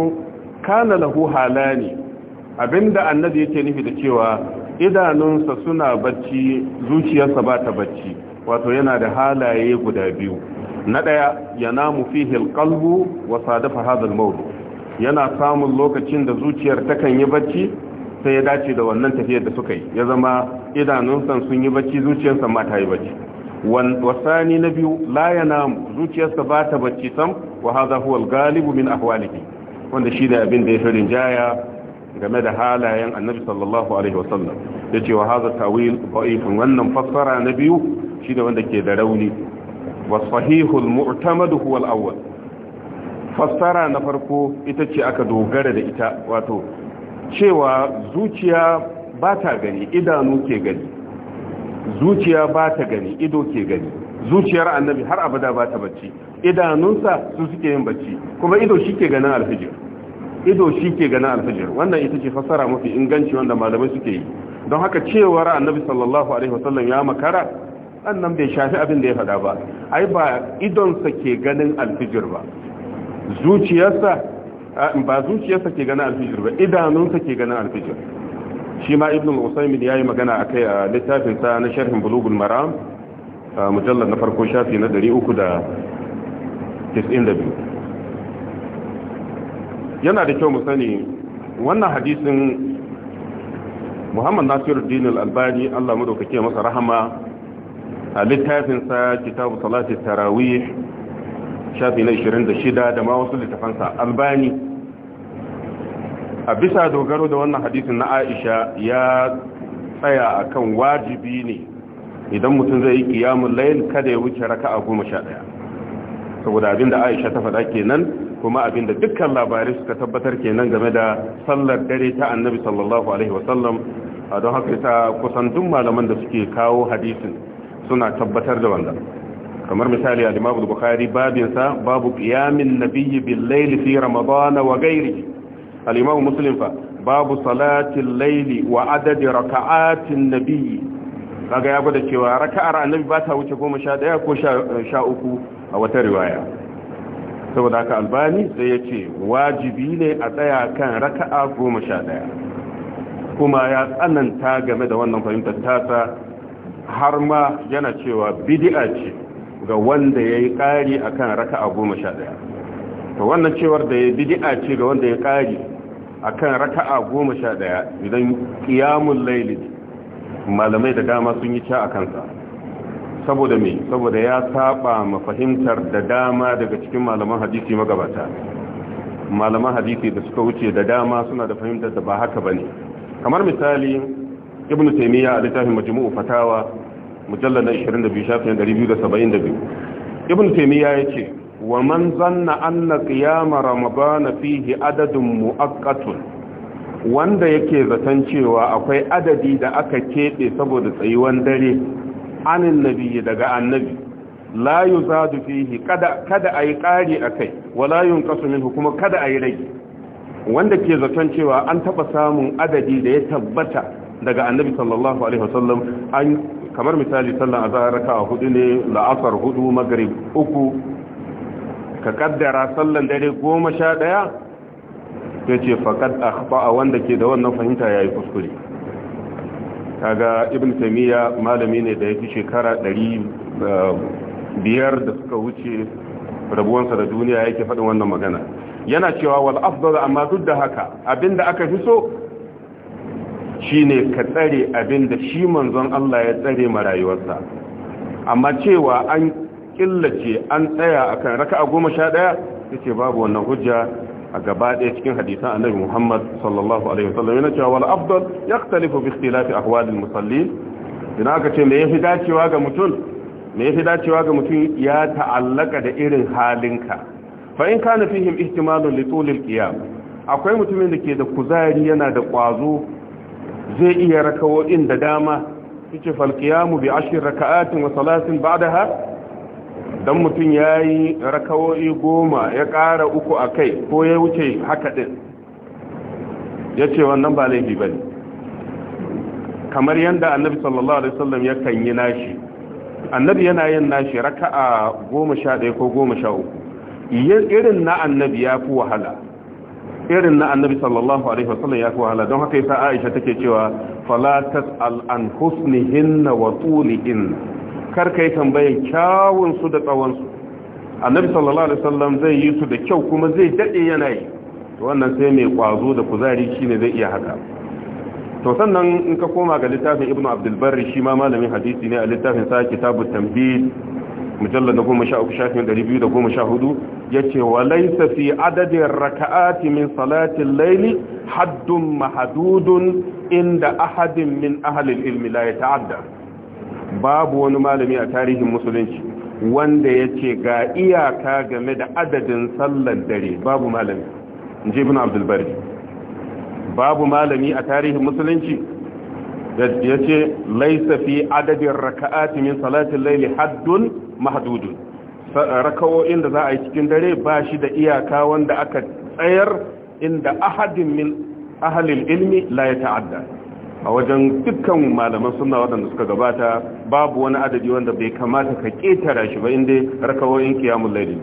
kana lahu halani abinda annabi yake nufi da cewa idanunsa suna bacci zuciyarsa ba ta bacci wato yana da halaye guda biyu na ɗaya ya namu fihi alqalbu wa sadafa hadha yana samun lokacin da zuciyar takan yi bacci sai ya dace da wannan tafiyar da suka yi ya zama idanunsan sun yi bacci zuciyarsa ma ta yi bacci wasani na biyu la ya namu zuciyarsa ba ta bacci sam wa hadha huwa galibu min ahwalihi wanda shi da abin da ya shirin jaya game da halayen annabi sallallahu alaihi wasallam yace wa haza tawil da'ifun wannan fassara na biyu da wanda ke da rauni wa sahihul mu'tamad huwa al-awwal fassara na farko ita ce aka dogara da ita wato cewa zuciya ba ta gani idanu ke gani zuciya ba ta gani ido ke gani zuciyar annabi har abada ba ta bacci idanunsa su suke yin bacci kuma ido shi ke ganin alfijir ido shi ke ganin alfijir wannan ita ce fassara mafi inganci wanda malamai suke yi don haka cewar annabi sallallahu alaihi wasallam ya makara sannan bai shafi abin da ya faɗa ba ai ba idonsa ke ganin alfijir ba zuciyarsa ba zuciyarsa ke ganin alfijir ba idanunsa ke ganin alfijir shi ma ibn al ya yi magana akai a littafin sa na sharhin bulugun maram mujallar na farko shafi na 392 yana da kyau mu sani wannan hadisin Muhammad nasiru al-Albani Allah madaukake masa rahama a littafinsa kitabu salati tarawih shafi na 26 da ma wasu littafansa albani a bisa dogaro da wannan hadisin na aisha ya tsaya akan wajibi ne idan mutum zai yi kiyamun layin kada ya wuce raka a goma sha ɗaya saboda abinda aisha ta faɗa kenan kuma abinda dukkan labarai suka tabbatar kenan game da sallar dare ta annabi sallallahu alaihi wasallam a don haka ta kusan duk malaman da suke kawo hadisin suna tabbatar da wannan kamar misali al Buhari al-Bukhari babinsa babu qiyamin nabiyyi bil-layli fi ramadana wa gairi. al-Imam fa babu salatin layli wa adadi raka'atin nabiyyi kaga ya gwada cewa raka'ar annabi ba ta wuce ɗaya ko uku a wata riwaya saboda haka albani sai ya ce wajibi ne a tsaya kan raka'a ɗaya. kuma ya tsananta game da wannan fahimtar tasa har ma yana cewa bid'a ce ga wanda yayi kari akan raka'a 11 to wannan cewar da yayi bid'a ce ga wanda yayi kari akan raka'a 11 idan qiyamul layl malamai da dama sun yi ta akan sa saboda me saboda ya saba ma fahimtar da dama daga cikin malaman hadisi magabata malaman hadisi da suka wuce da dama suna da fahimtar da ba haka bane kamar misali ibnu taymiya a littafin majmu'u fatawa mujallal 22 shafin 272 ibnu taymiya yace wa man zanna anna qiyam ramadana fihi adadun muaqqatun wanda yake zaton cewa akwai adadi da aka kebe saboda tsayuwan dare anin nabi daga annabi la yuzadu fihi kada kada ayi kari akai wala yunqasu minhu kuma kada ayi rage wanda ke zaton cewa an taba samun adadi da ya tabbata daga annabi sallallahu alaihi wasallam an kamar misali sallan azhar a hudu ne la'asar hudu magrib uku ka kaddara sallan dare 11 yace faqad akhta'a wanda ke da wannan fahimta yayi kuskure kaga ibn taymiya malami ne da yake shekara ɗari eh, biyar da suka wuce rabuwansa da duniya yake faɗin wannan magana yana cewa wal afdal amma duk da haka abinda aka fi so shine ka tsare abin da shi manzon Allah ya tsare marayuwarsa, amma cewa an killace an tsaya akan raka'a ya ce babu wannan hujja a gaba ɗaya cikin a nabi Muhammad sallallahu alaihi wasallam yana cewa Abdul ya yaktalifu bi ikhtilafi ahwal musallin idan aka ce me yafi dacewa ga mutum me yafi dacewa ga mutum ya ta'allaka da irin halinka fa in kana fihim ihtimalun li tul qiyam akwai mutumin da ke da kuzari yana da kwazo zai iya rakawo'in da dama su suke falkiyamu bi ashirin raka'atin wa da ha don mutum ya yayi rakawo'i goma ya ƙara uku a kai ko ya wuce haka din ce wannan ba laifi ba ne. kamar yadda annabi sallallahu alaihi wasallam ya kan yi nashi annabi yana yin nashi raka'a ɗaya ko goma uku irin na annabi ya fi wahala irin na annabi sallallahu alaihi wasallam ya fi wahala don haka yasa Aisha take cewa fala tas'al an husnihinna wa tulihin kar kai tambayan kyawun su da tsawon su annabi sallallahu alaihi wasallam zai yi su da kyau kuma zai dade yana yi to wannan sai mai kwazo da kuzari shine zai iya haka to sannan in ka koma ga littafin ibnu abdul barri shi ma malamin hadisi ne a littafin sa kitabut tamhid mujallar da goma sha uku shafin ɗari biyu da goma sha hudu ya ce wa laisa fi adadin raka'ati min salatin laili haddun mahadudun inda ahadin min ahalin ilmi la ya ta'adda babu wani malami a tarihin musulunci wanda ya ce ga iyaka game da adadin sallar dare babu malami inji ibn abdulbari babu malami a tarihin musulunci ya ce laisa fi adadin raka'ati min salatin laili haddun mahdudun rakawo'in da za a yi cikin dare ba shi da iyaka wanda aka tsayar inda ahadin min ilmi la ya ta'adda a wajen dukkan malaman sunna waɗanda suka gabata babu wani adadi wanda bai kamata ka ƙetara shi ba inda rakawo'in kiyamul laili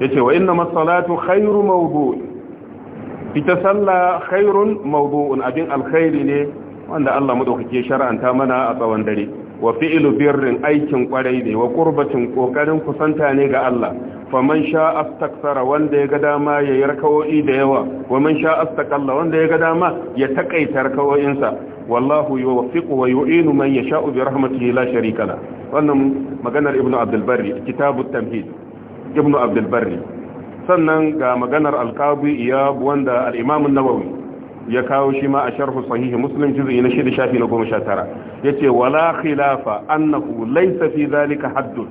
yace wa inna masalatu khairu maudu ita sallah khairun mawdu'un abin alkhairi ne wanda Allah madaukake shar'anta mana a tsawon dare wa fi'lu birrin aikin kwarai ne wa kurbacin kokarin kusanta ne ga Allah fa faman sha astaksara wanda ya ga dama ya yi rakawo'i da yawa wa man sha astakalla wanda ya ga dama ya takaita rakawo'insa wallahu yuwaffiqu wa yu'inu man yasha'u bi rahmatihi la sharika la wannan maganar ibnu abdul barri kitabut tamhid ibnu abdul barri sannan ga maganar al-qadi wanda al-imam nawawi ya kawo shi ma a sharhu sahihi muslim juz'i na shida shafi na goma sha tara yace wala khilafa annahu laysa fi zalika haddun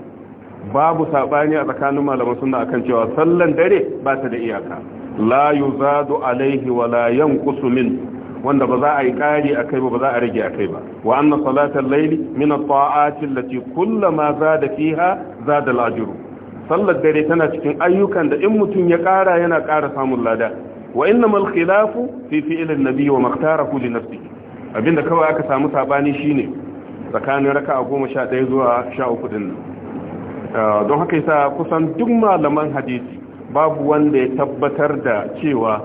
babu sabani a tsakanin malaman sunna akan cewa sallan dare ba ta da iyaka la yuzadu alaihi wala la yanqusu min wanda ba za a yi kari akai ba ba za a rage akai ba wa anna salatal layli min at-ta'ati allati kullama zada fiha zada al-ajru sallar dare tana cikin ayyukan da in mutum ya kara yana kara samun lada wa innama al-khilafu fi fi'l an-nabi wa makhtarahu li abinda kawai aka samu sabani shine tsakanin raka'a 11 zuwa 13 din ah, don haka yasa kusan duk malaman hadisi babu wanda ya tabbatar da cewa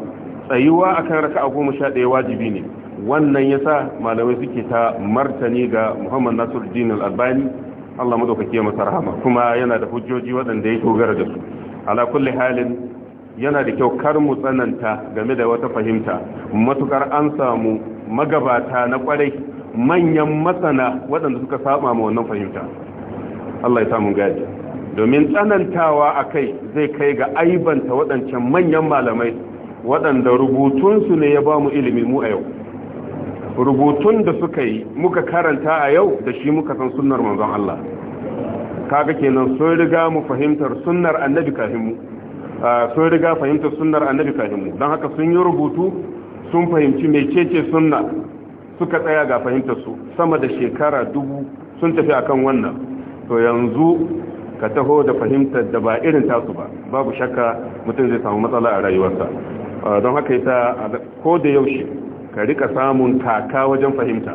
tsayuwa akan raka'a 11 wajibi ne wannan yasa malamai suke ta martani ga Muhammad Nasiruddin al-Albani Allah madaukake masa rahama kuma yana da hujjoji waɗanda ya dogara da su ala kulli halin yana da kyau kar mu tsananta game da wata fahimta matukar an samu magabata na kwarai manyan masana waɗanda suka saba ma wannan fahimta Allah ya samu gadi domin tsanantawa a kai zai kai ga aibanta waɗancan manyan malamai waɗanda rubutunsu ne ya ba mu ilimi mu a yau rubutun da suka yi muka karanta a yau da shi muka san sunnar manzon Allah kaga kenan sun riga mu fahimtar sunnar annabi kafin mu sun riga fahimtar sunnar annabi kafin mu don haka sun yi rubutu sun fahimci ce sunna suka tsaya ga fahimtar su sama da shekara dubu sun tafi akan wannan to yanzu ka taho da fahimtar da ba irin tasu ba babu shakka mutum zai samu matsala a rayuwarsa don haka yasa ko da yaushe ka rika samun kaka wajen fahimta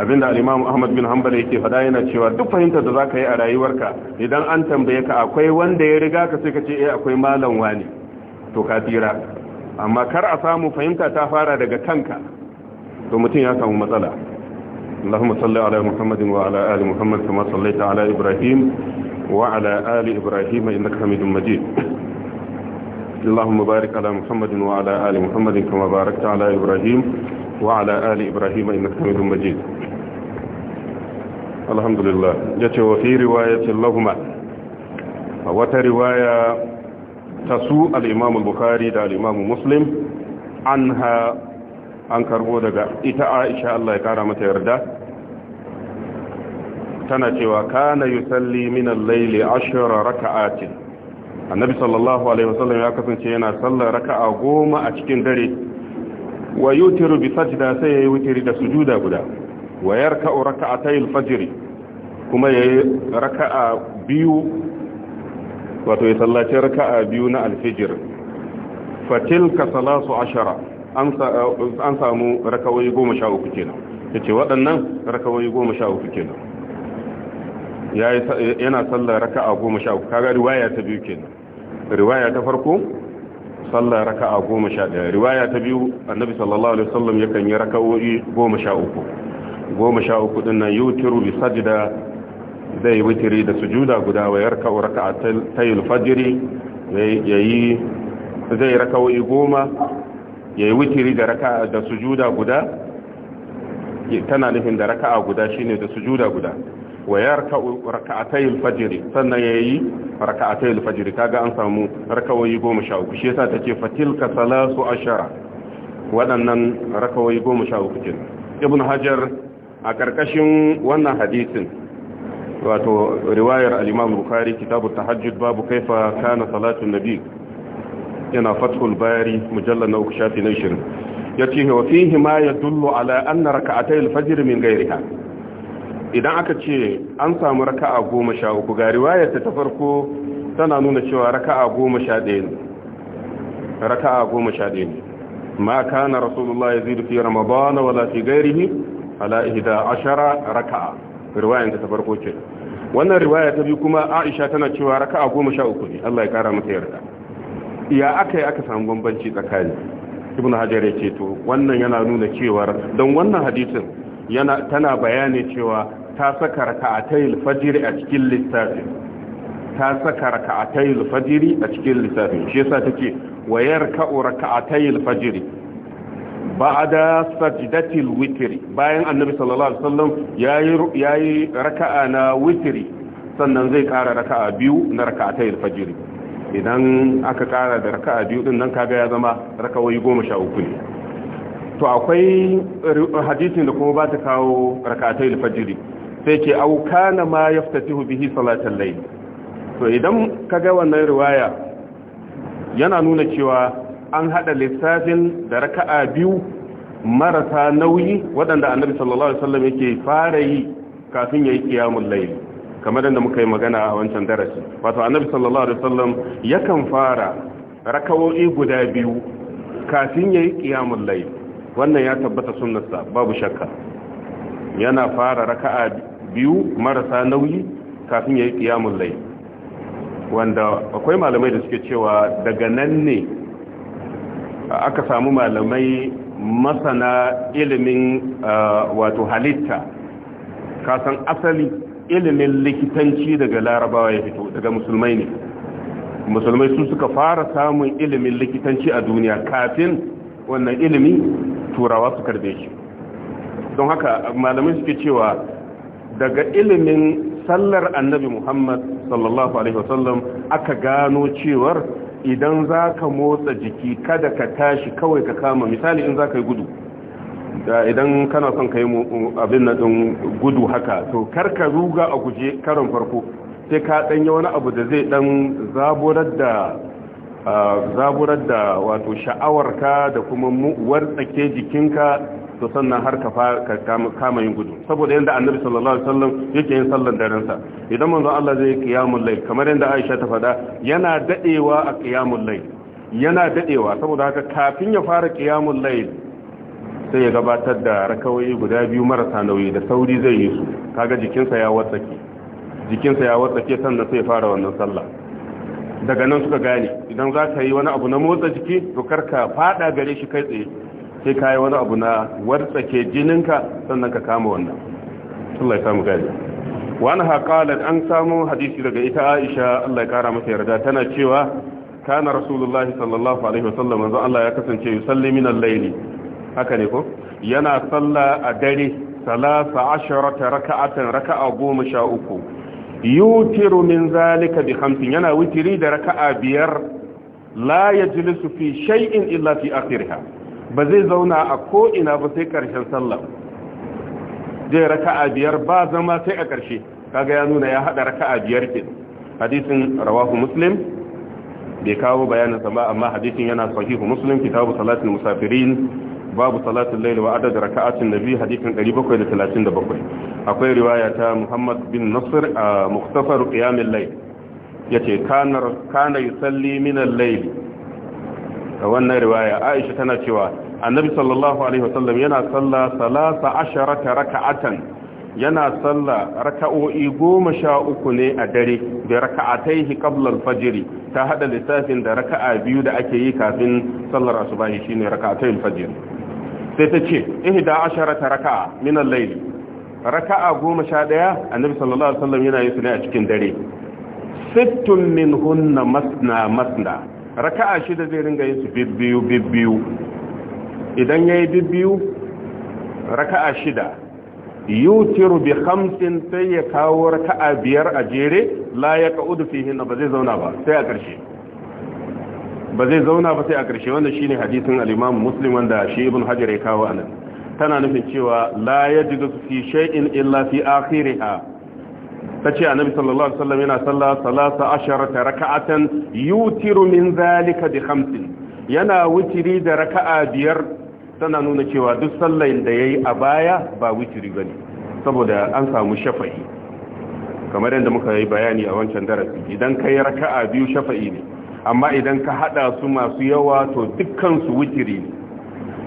abinda al-Imam Ahmad bin Hanbal yake fada yana cewa duk fahimtar da zaka yi a rayuwarka idan an tambaye ka akwai wanda ya riga ka sai ka ce eh akwai malam wani to ka tira amma kar a samu fahimta ta fara daga kanka to mutum ya samu matsala وعلى آل إبراهيم إنك حميد مجيد alhamdulillah ya ce wa fi ci lahuma a wata riwaya ta su al'imamu bukari da al'imamu muslim an ha an karbo daga ita aisha Allah ya kara mata yarda tana cewa kana salli min al-layli ashra raka'atin annabi sallallahu alaihi wasallam ya kasance yana sallar raka'a goma a cikin dare wa yutiru bi sajda sai yayi wutiri da sujuda guda wa yarka'u raka'atay al kuma ya yi raka'a biyu wato ya sallace raka'a biyu na alfijir ka salasu ashara an samu rakawai goma sha uku kenan ya ce waɗannan rakawai goma sha uku kenan yana tsalla raka'a goma sha uku kaga riwaya ta biyu kenan riwaya ta farko tsalla raka'a goma sha ɗaya riwaya ta biyu annabi sallallahu alaihi wasallam yakan yi raka'o'i goma sha uku goma sha uku ɗin nan yutiru bi sajda zai yi witiri da sujuda guda wa yarka raka a tayil fajiri yayi zai raka'o'i goma yi witiri da raka da sujuda guda tana nufin da raka'a guda shine da sujuda guda wa yarka tayil fajiri sannan ya yi raka a tayil fajiri kaga an samu raka raka'o'i goma sha uku shi yasa tace fatilka salasu ashara waɗannan raka raka'o'i goma sha uku ibn hajar a ƙarƙashin wannan hadisin wato riwayar al-Imam Bukhari kitabu tahajjud babu kaifa kana salatu nabi yana fathul bari mujallal na uku shafi na 20 yace wa fihi ma yadullu ala anna rak'atay al-fajr min ghayriha idan aka ce an samu raka'a uku ga riwayar ta farko tana nuna cewa raka'a 11 raka'a 11 ma kana rasulullahi yazidu fi ramadan wala fi ghayrihi ala 11 raka'a riwayanta ta farko ce wannan riwaya ta biyu kuma aisha tana cewa raka'a goma sha uku ne Allah ya kara mata yarda ya aka yi aka samu bambanci tsakani ibn hajar ya ce to wannan yana nuna cewa don wannan hadisin yana tana bayani cewa ta saka raka'atayil fajr a cikin lissafin ta saka raka'atayil fajr a cikin lissafin shi yasa take wayar ka'u raka'atayil fajr da sajdatil witiri bayan annabi sallallahu alaihi wasallam yayi raka'a na witiri sannan zai kara raka'a biyu na raka'atayil fajr idan aka kara da raka'a biyu din nan kaga ya zama rakawai 13 ne to akwai hadisin da kuma ba ta kawo raka'atayil fajr sai ke au kana ma yaftatihu bihi salatal layl to idan kaga wannan riwaya yana nuna cewa an hada lissafin da raka'a biyu marasa nauyi waɗanda annabi sallallahu alaihi wasallam yake fara yi kafin yayi qiyamul layl kamar yadda muka yi magana a wancan darasi wato annabi sallallahu alaihi wasallam yakan fara rakawoyi guda biyu kafin yayi qiyamul layl wannan ya tabbata sunnarsa babu shakka yana fara raka'a biyu marasa nauyi kafin yayi qiyamul layl wanda akwai malamai da suke cewa daga nan ne aka samu malamai masana ilimin uh, wato halitta kasan asali ilimin likitanci daga larabawa ya fito daga musulmai ne musulmai su suka fara samun ilimin likitanci a duniya kafin wannan ilimi turawa su karbe shi don haka malamai suke cewa daga ilimin sallar annabi muhammad sallallahu alaihi wasallam aka gano cewar idan za ka motsa jiki kada ka tashi kawai ka kama misali in za ka yi gudu idan kana son ka yi abin na ɗin gudu haka to karka ruga a guje karon farko sai ka ɗanya wani abu da zai ɗan zaburar da ah, zaburar da wato sha'awarka da kuma ke jikinka to sannan har ka kama yin gudu saboda yadda annabi sallallahu alaihi wasallam yake yin sallar daren sa idan manzon Allah zai qiyamul layl kamar yadda Aisha ta faɗa yana dadewa a qiyamul layl yana dadewa saboda haka kafin ya fara qiyamul layl sai ya gabatar da rakawai guda biyu marasa nauyi da sauri zai yi su kaga jikinsa ya watsake jikinsa ya watsake sannan sai fara wannan sallah daga nan suka gane idan za ka yi wani abu na motsa jiki to karka fada gare shi kai tsaye sai kayi wani abu na wartsake jininka sannan ka kama wannan Allah ya samu gani wani haƙalar an samu hadisi daga ita aisha Allah ya kara masa yarda tana cewa kana rasulullah sallallahu alaihi wasallam manzo Allah ya kasance yusalli min al-layli haka ne ko yana salla a dare salasa asharata raka'atan raka'a goma sha uku yutiru min zalika bi khamsin yana witiri da raka'a biyar la yajlisu fi shay'in illa fi akhiriha ba zai zauna a ko'ina ba sai ƙarshen sallah zai a biyar ba zama sai a ƙarshe kaga ya nuna ya haɗa raka a biyar ke hadisin rawahu muslim bai kawo bayanin sama amma hadisin yana sahihu muslim kitabu salatin musafirin babu salatin laili wa adad da nabi hadisun 737 akwai riwaya ta muhammad bin nasir a muktafar ƙiyamin lai yace ce kana yi salli minan layl wannan riwaya aisha tana cewa annabi sallallahu alaihi wasallam yana sallah salasa asharata raka'atan yana sallah raka'o'i goma sha uku ne a dare da raka'ataihi qabla al-fajr ta hada lissafin da raka'a biyu da ake yi kafin sallar asubahi shine raka'atayil fajr sai ta ce ihda asharata raka'a min al-layl raka'a goma sha daya annabi sallallahu alaihi wasallam yana yin su ne a cikin dare sittun min minhunna masna masna raka'a shida zai ringa yin su bibbiyu bibbiyu idan yayi bibbiyu raka'a shida yutiru bi khamsin sai ya kawo raka'a biyar a jere la yaqudu fihi ba zai zauna ba sai a karshe ba zauna ba sai a karshe wannan shine hadisin al-Imam Muslim wanda shi Ibn Hajar ya kawo anan tana nufin cewa la yajidu fi shay'in illa fi akhiriha tace annabi sallallahu alaihi wasallam yana sallah salasa ta raka'atan yutiru min zalika bi khamsin yana wutiri da raka'a biyar tana nuna cewa duk sallayin da yayi a baya ba wutiri bane saboda an samu shafa'i kamar yadda muka yi bayani a wancan darasi idan kai raka'a biyu shafa'i ne amma idan ka hada su masu yawa to dukkan su wutiri ne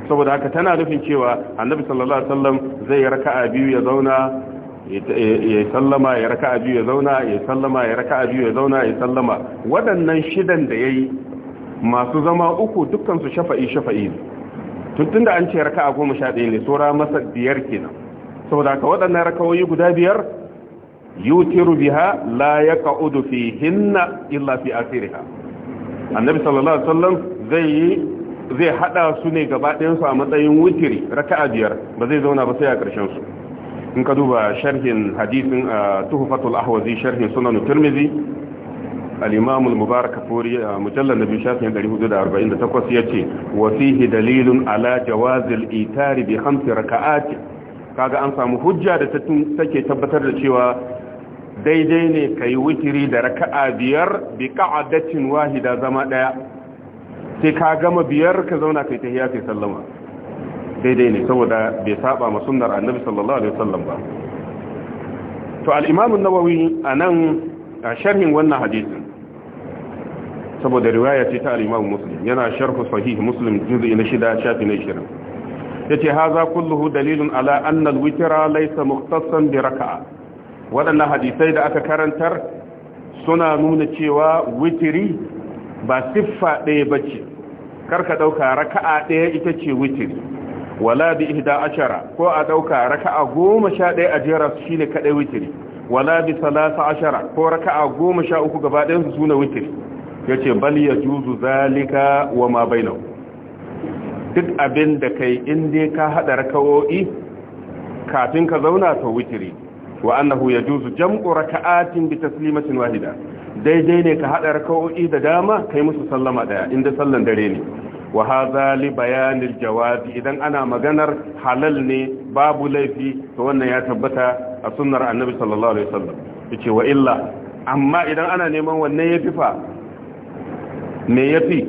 saboda haka tana nufin cewa annabi sallallahu alaihi wasallam zai raka'a biyu ya zauna ya sallama ya raka a biyu ya zauna ya sallama ya raka a biyu ya zauna ya sallama waɗannan shidan da ya yi masu zama uku dukansu shafa'i shafa'i tuntun da an ce raka a goma sha ɗaya ne tsora masa biyar kenan saboda haka waɗannan rakawoyi guda biyar yutiru biha la fi hinna illa fi akhiriha annabi sallallahu alaihi wasallam zai zai hada su ne gaba ɗayan su a matsayin wutiri raka'a biyar ba zai zauna ba sai a ƙarshen su in ka duba sharhin hadisin a tuhufatul ahwazi sharhin sunan turmizi al-imam al-mubarak mujallar mujallal nabi shafin 448 yace wa fihi dalilun ala jawazil itar bi khamsi raka'at kaga an samu hujja da take tabbatar da cewa daidai ne kai witiri da raka'a biyar bi qa'adatin wahida zama daya sai ka gama biyar ka zauna kai tahiyya kai sallama daidai ne saboda bai saba ma sunnar annabi sallallahu alaihi wasallam ba to al-imam an-nawawi anan a sharhin wannan hadisin saboda riwaya ce ta al-imam muslim yana sharh sahih muslim juz'i na 6 shafi na 20 yace haza kulluhu dalilun ala anna al-witra laysa muqtasan bi raka'a wadannan hadisai da aka karantar suna nuna cewa witri ba siffa ɗaya bace karka ɗauka raka'a ɗaya ita ce witri wala bi ihda ashara ko a dauka raka'a goma sha ɗaya a jera su shine kaɗai witiri wala bi salasa ashara ko raka'a goma sha uku gaba ɗayan su suna witiri yace bal juzu zalika wa ma bainahu duk abin da kai in ka hada raka'o'i kafin ka zauna to witiri wa annahu juzu jam'u raka'atin bi taslimatin wahida daidai ne ka haɗa raka'o'i da dama kai musu sallama daya inda sallan dare ne Wahazali bayanin jawabi, idan ana maganar halal ne babu laifi to wannan ya tabbata a sunnar annabi sallallahu alaihi wasallam yace wa illa amma idan ana neman wannan yafi fa me yafi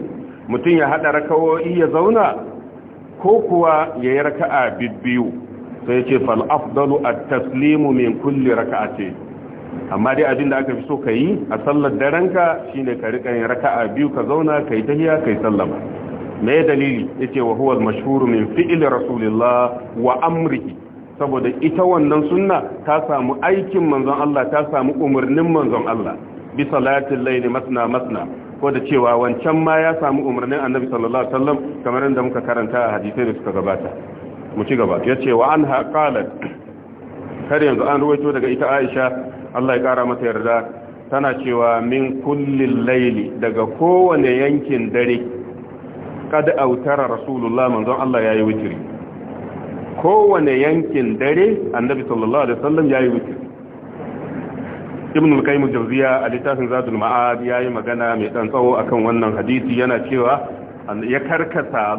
mutum ya hada rakawoyi ya zauna ko kuwa ya raka'a bibbiyu sai ce fal afdalu at-taslimu min kulli raka'ati amma dai abin da aka fi so ka yi a sallar darenka shine ka rika yin raka'a biyu ka zauna kai tahiya kai sallama me dalili yace wa huwa mashhur min fi'l rasulillah wa amrihi saboda ita wannan sunna ta samu aikin manzon Allah ta samu umarnin manzon Allah bi salatin layli masna masna ko da cewa wancan ma ya samu umarnin annabi sallallahu alaihi wasallam kamar yadda muka karanta a hadisai da suka gabata mu ci gaba ya ce wa anha qalat har yanzu an ruwaito daga ita Aisha Allah ya kara mata yarda tana cewa min kullil layli daga kowane yankin dare qad autara rasulullah manzon Allah yayi witri kowane yankin dare annabi sallallahu alaihi wasallam yayi witri ibn al-qayyim jawziya a littafin zadul ma'ad yayi magana mai dan tsawo akan wannan hadisi yana cewa ya karkasa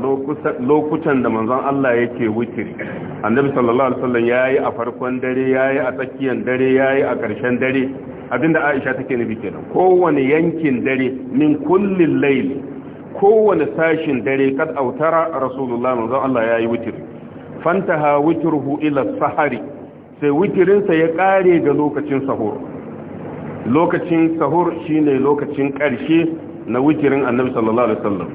lokutan da manzon Allah yake witri annabi sallallahu alaihi wasallam yayi a farkon dare yayi a tsakiyar dare yayi a ƙarshen dare abinda Aisha take nufi kenan kowane yankin dare min kullil layl kowane sashin dare kad autara rasulullah manzo Allah yayi witir fantaha witruhu ila sahari sai witirinsa ya kare ga lokacin sahur lokacin sahur shine lokacin karshe na witirin annabi sallallahu alaihi wasallam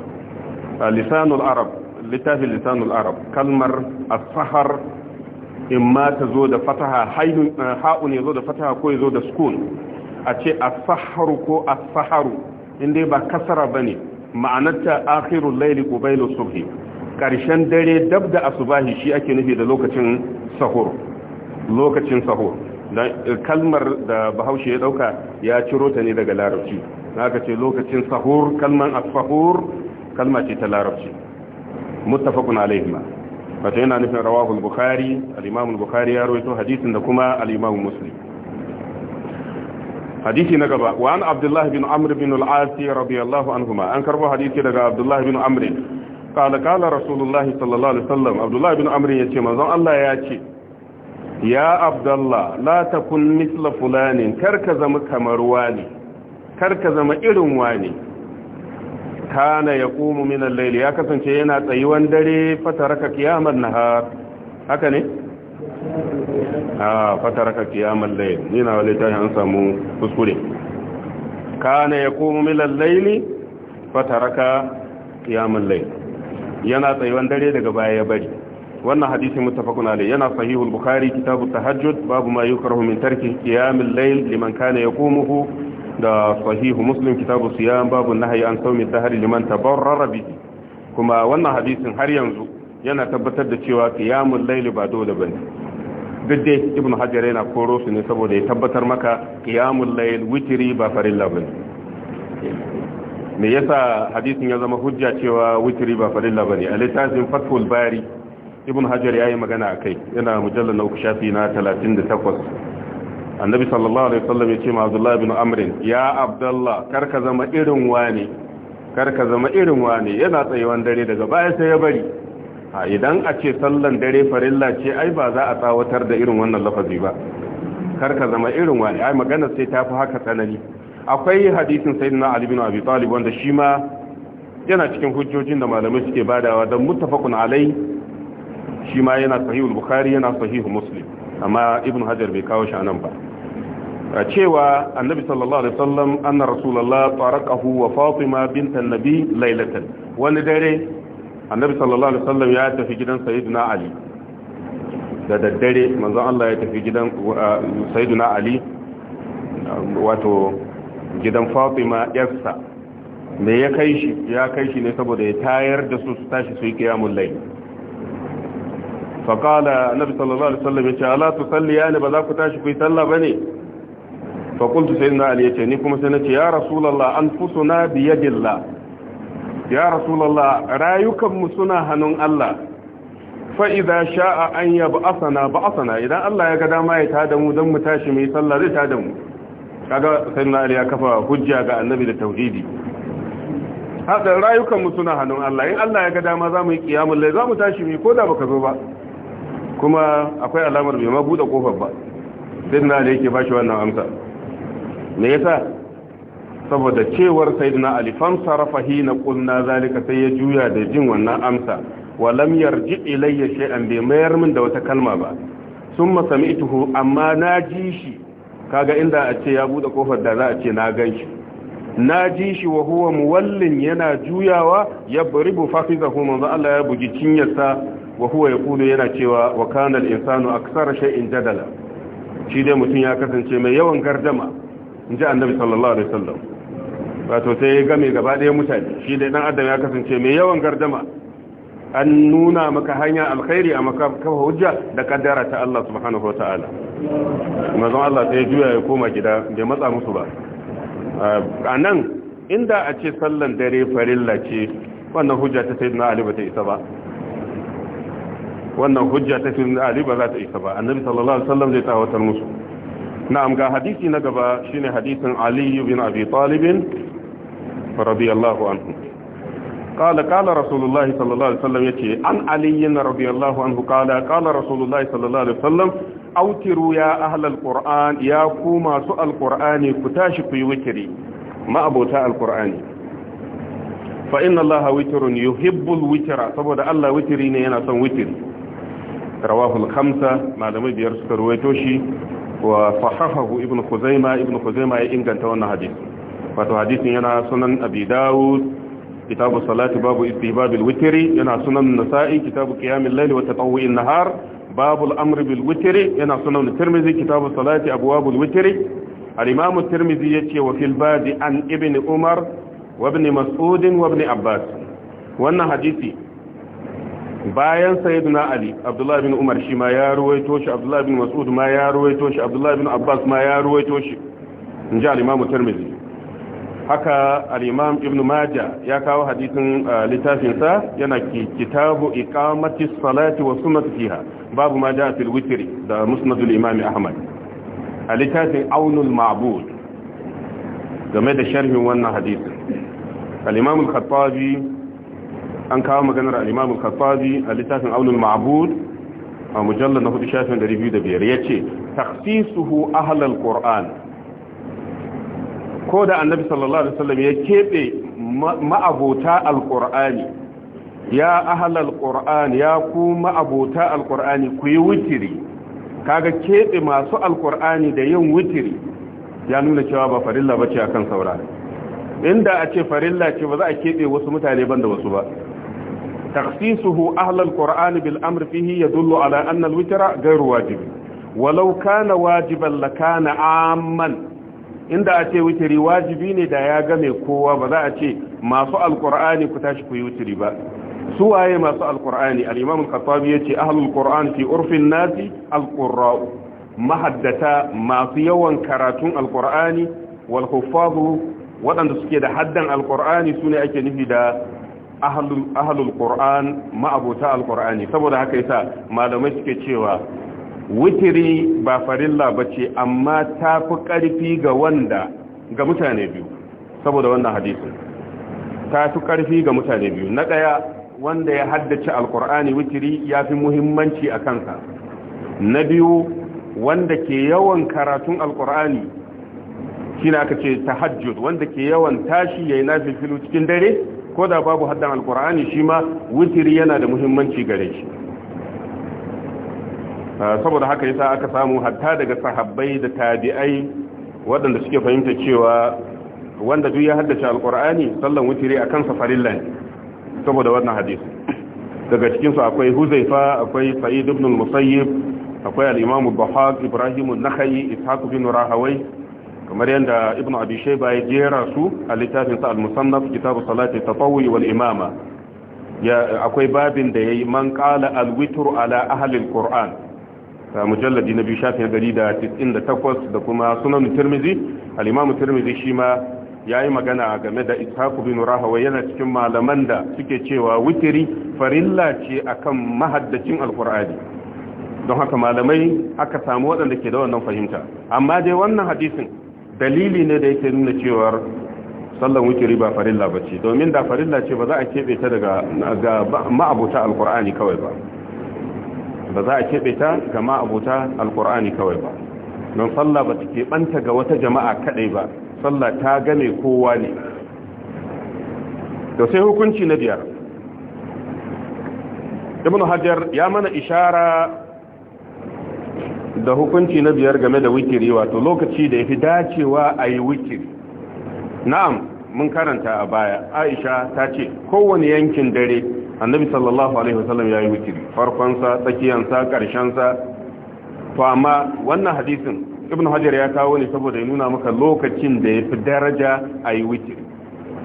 lisanul arab littafi lisanul arab kalmar as-sahar imma ta zo da fataha ha'un ya zo da fataha ko ya zo da sukun a ce as-saharu ko as-saharu inda ba kasara bane ma'anarta akhirul laili qabila subhi karshen dare dab da asubahi shi ake nufi da lokacin sahur lokacin sahur kalmar da bahaushe ya dauka ya ciro ta ne daga larabci haka ce lokacin sahur kalman asfahur kalma ce ta larabci muttafaqun alaihima wato yana nufin rawahul bukhari al-imam al-bukhari ya rawaito hadisin da kuma al-imam muslim hadisi na gaba wa an abdullah bin amr bin al-as radiyallahu anhuma an karbo hadisi daga Abdullahi bin amr Kala-kala rasulullahi sallallahu alaihi wasallam Abdullahi bin amr yace manzon Allah ya ce ya abdullah la takun mithla fulanin karka zama kamar wani karka zama irin wani kana yaqumu min al-layl ya kasance yana tsayuwan dare fataraka qiyamar nahar haka ne a fataraka qiyamul layl ni na wale ta an samu kuskure komo yaqumu min al-layli fataraka kiyamar layl yana tsayuwan dare daga baya ya bari wannan hadisi muttafaqun alai yana sahihul bukhari ta tahajjud babu ma yukrahu min tarki kiyamar layl liman komo yaqumuhu da sahihu muslim kitabu siyam babu nahyi an ta dahri liman tabarrara rarrabi kuma wannan hadisin har yanzu yana tabbatar da cewa qiyamul layli ba dole bane duk dai ibnu hajar yana koro su ne saboda ya tabbatar maka qiyamul layl witri ba farilla bane me yasa hadisin ya zama hujja cewa witri ba farilla bane a littafin fathul bari ibnu hajar yayi magana akai yana mujallal na uku shafi na 38 annabi sallallahu alaihi wasallam ya ce ma abdullahi ibn Amr ya Abdullah karka zama irin wani karka zama irin wani yana tsayuwan dare daga baya sai ya bari A idan a ce sallan dare farilla ce ai ba za a tsawatar da irin wannan lafazi ba kar ka zama irin wani ai magana sai ta fi haka tsanani akwai hadisin sayyidina ali bin abi talib wanda shi ma yana cikin hujjojin da malamai suke badawa dan muttafaqun alai shi ma yana sahihu bukhari yana sahihu muslim amma ibn hajar bai kawo shi anan ba a cewa annabi sallallahu alaihi wasallam anna rasulullah tarakahu wa fatima bint annabi lailatan wani dare annabi sallallahu alaihi wasallam ya tafi gidan sayyidina ali da daddare manzon Allah ya tafi gidan sayyidina ali wato gidan fatima yarsa me ya kai shi ya kai shi ne saboda ya tayar da su su tashi su yi qiyamul layl faqala annabi sallallahu alaihi wasallam ya ce ala ya ne ba za ku tashi ku yi sallah bane fa qultu sayyidina ali ya ce ni kuma sai na ce ya rasulullah anfusuna bi yadillah ya rasulallah rayukanmu suna hannun Allah fa'iza sha'a an ya ba'asana ba'asana idan Allah ya ga dama ya tada mu don mu tashi mai sallah zai tada mu kaga sayyidina ali ya kafa hujja ga annabi da tauhidi hada rayukanmu suna hannun Allah in Allah ya ga dama za mu yi kiyamul lai za mu tashi mai ko da baka zo ba kuma akwai alamar bai ma buɗe kofar ba sayyidina ali yake shi wannan amsa me yasa saboda cewar sayyidina ali fansarafa na kunna zalika sai ya juya da jin wannan amsa wa lam yarji ilayya shay'an bai mayar min da wata kalma ba summa sami'tuhu amma na ji shi kaga inda a ce ya bude kofar da za a ce na ganshi na ji shi wa huwa muwallin yana juyawa ya buribu fafizahu manzo Allah ya bugi cinyarsa wa huwa yaqulu yana cewa wa kana al-insanu aksara shay'in jadala shi dai mutum ya kasance mai yawan gardama inji annabi sallallahu alaihi wasallam wato sai ya game gaba ɗaya mutane shi dai dan adam ya kasance mai yawan gardama an nuna maka hanya alkhairi a maka kafa hujja da kaddara ta Allah subhanahu wa ta'ala mazan Allah sai juya ya koma gida bai matsa musu ba a nan inda a ce sallan dare farilla ce wannan hujja ta sayyidina Ali ba ta isa ba wannan hujja ta sayyidina Ali ba za ta isa ba annabi sallallahu alaihi wasallam zai tawatar musu na'am ga hadisi na gaba shine hadisin Ali ibn Abi Talib Hanifa radiyallahu anhu sallallahu alaihi wasallam yace an aliyyin radiyallahu anhu qala qala rasulullahi sallallahu alaihi wasallam autiru ya ahlal qur'an ya ku masu alqur'ani ku tashi ku yi wikiri ma abota alqur'ani fa inna allaha witrun yuhibbu alwitra saboda allah witri ne yana son witri rawahu alkhamsa malamai biyar suka ruwaito shi wa sahahahu ibnu khuzaima ibnu khuzaima ya inganta wannan hadisi wato hadisin yana sunan abi dawud kitabu salati babu istihbabil witri yana sunan nasa'i kitabu qiyamil layli wa tatawwu'in nahar babu al-amr bil witri yana sunan tirmidhi kitabu salati abwabul witri al-imam at-tirmidhi yace wa fil badi an ibn umar wa ibn mas'ud wa ibn abbas wannan hadisi bayan sayyiduna ali abdullahi bin umar shi ma ya ruwaito shi abdullahi bin mas'ud ma ya ruwaito shi abdullahi bin abbas ma ya ruwaito shi in ji al-imamu tirmidhi haka al-imam ibn majah ya kawo hadisin uh, littafin sa yana kitabu iqamati salati wa sunnat fiha babu ma jaa fil witr da musnad al-imam ahmad a littafin aunul ma'bud game da sharhin wannan hadisin al-imam al-khattabi an kawo maganar al-imam al-khattabi a littafin aunul ma'bud a mujallal na 4 shafin 205 yace taqsisuhu ahlul qur'an ko da annabi sallallahu alaihi wasallam ya keɓe ma'abota alƙur'ani ya ahalal ƙur'ani ya ku ma'abota alƙur'ani ku yi wutiri kaga keɓe masu alƙur'ani da yin wutiri ya nuna cewa ba farilla ba ce a inda a ce farilla ce ba za a keɓe wasu mutane ban da wasu ba taksisuhu ahlal ƙur'ani bil amr fihi ya dullo ala annal wutira gairu wajibi walau kana wajiban lakana kana amman inda a ce witiri wajibi ne da ya game kowa ba za a ce masu alkur'ani ku tashi ku yi witiri ba su waye masu alkur'ani al-imam ya ce yace ahlul fi urfin nasi al mahaddata masu yawan karatun alkur'ani wal waɗanda suke da haddan alkur'ani sune ake nufi da ahlul qur'an ma'abota alkur'ani saboda haka yasa malamai suke cewa witiri ba farilla ba ce amma ta fi ƙarfi ga wanda ga mutane biyu saboda wannan hadisin ta fi ƙarfi ga mutane biyu na ɗaya wanda ya haddace alkur'ani witiri ya fi muhimmanci a kansa na biyu wanda ke yawan karatun alkur'ani shi na aka ce tahajjud wanda ke yawan tashi ya yi filfilu cikin dare ko da babu haddan alkur'ani shi ma witiri yana da muhimmanci gare shi Ah, saboda haka yasa aka samu hatta daga sahabbai da tabi'ai waɗanda suke fahimta cewa wanda duk ya haddace alqur'ani sallan wutiri akan safarillan saboda wannan hadisi daga cikin su akwai huzaifa akwai sa'id ibn al-musayyib akwai al-imam al-bahaq ibrahim an-nakhai ishaq bin rahawai kamar yadda ibn abi shayba ya jera su a littafin sa al-musannaf kitab salati tatawwi wal imama ya akwai babin da yayi man qala al-witr ala ahli al-qur'an mujalladi na biyu shafin 198 da da kuma sunan tirmizi alimamu turmizi tirmizi shi ma yi magana game da ishaku bin rahawa yana cikin malaman da suke cewa wutiri farilla ce akan mahaddacin al'kur'ani don haka malamai aka samu waɗanda ke da wannan fahimta amma dai wannan hadisin dalili ne da yake nuna cewa sallan wutiri ba farilla bace domin da farilla ce ba za a keɓe ta daga ga ma'abuta alkur'ani kawai ba ba za a keɓe ta ga ma'abuta alkur'ani kawai ba don sallah ba ta keɓanta ga wata jama'a kaɗai ba sallah ta game kowa ne da sai hukunci na biyar ibn hajjar ya mana ishara da hukunci na biyar game da wikiri wato lokaci da ya fi dacewa a yi wikiri na'am mun karanta a baya aisha ta ce kowane yankin dare annabi sallallahu alaihi wasallam ya yi witiri farkonsa tsakiyansa ƙarshensa to amma wannan hadisin ibn hajar ya kawo ne saboda ya nuna maka lokacin da ya fi daraja a yi witiri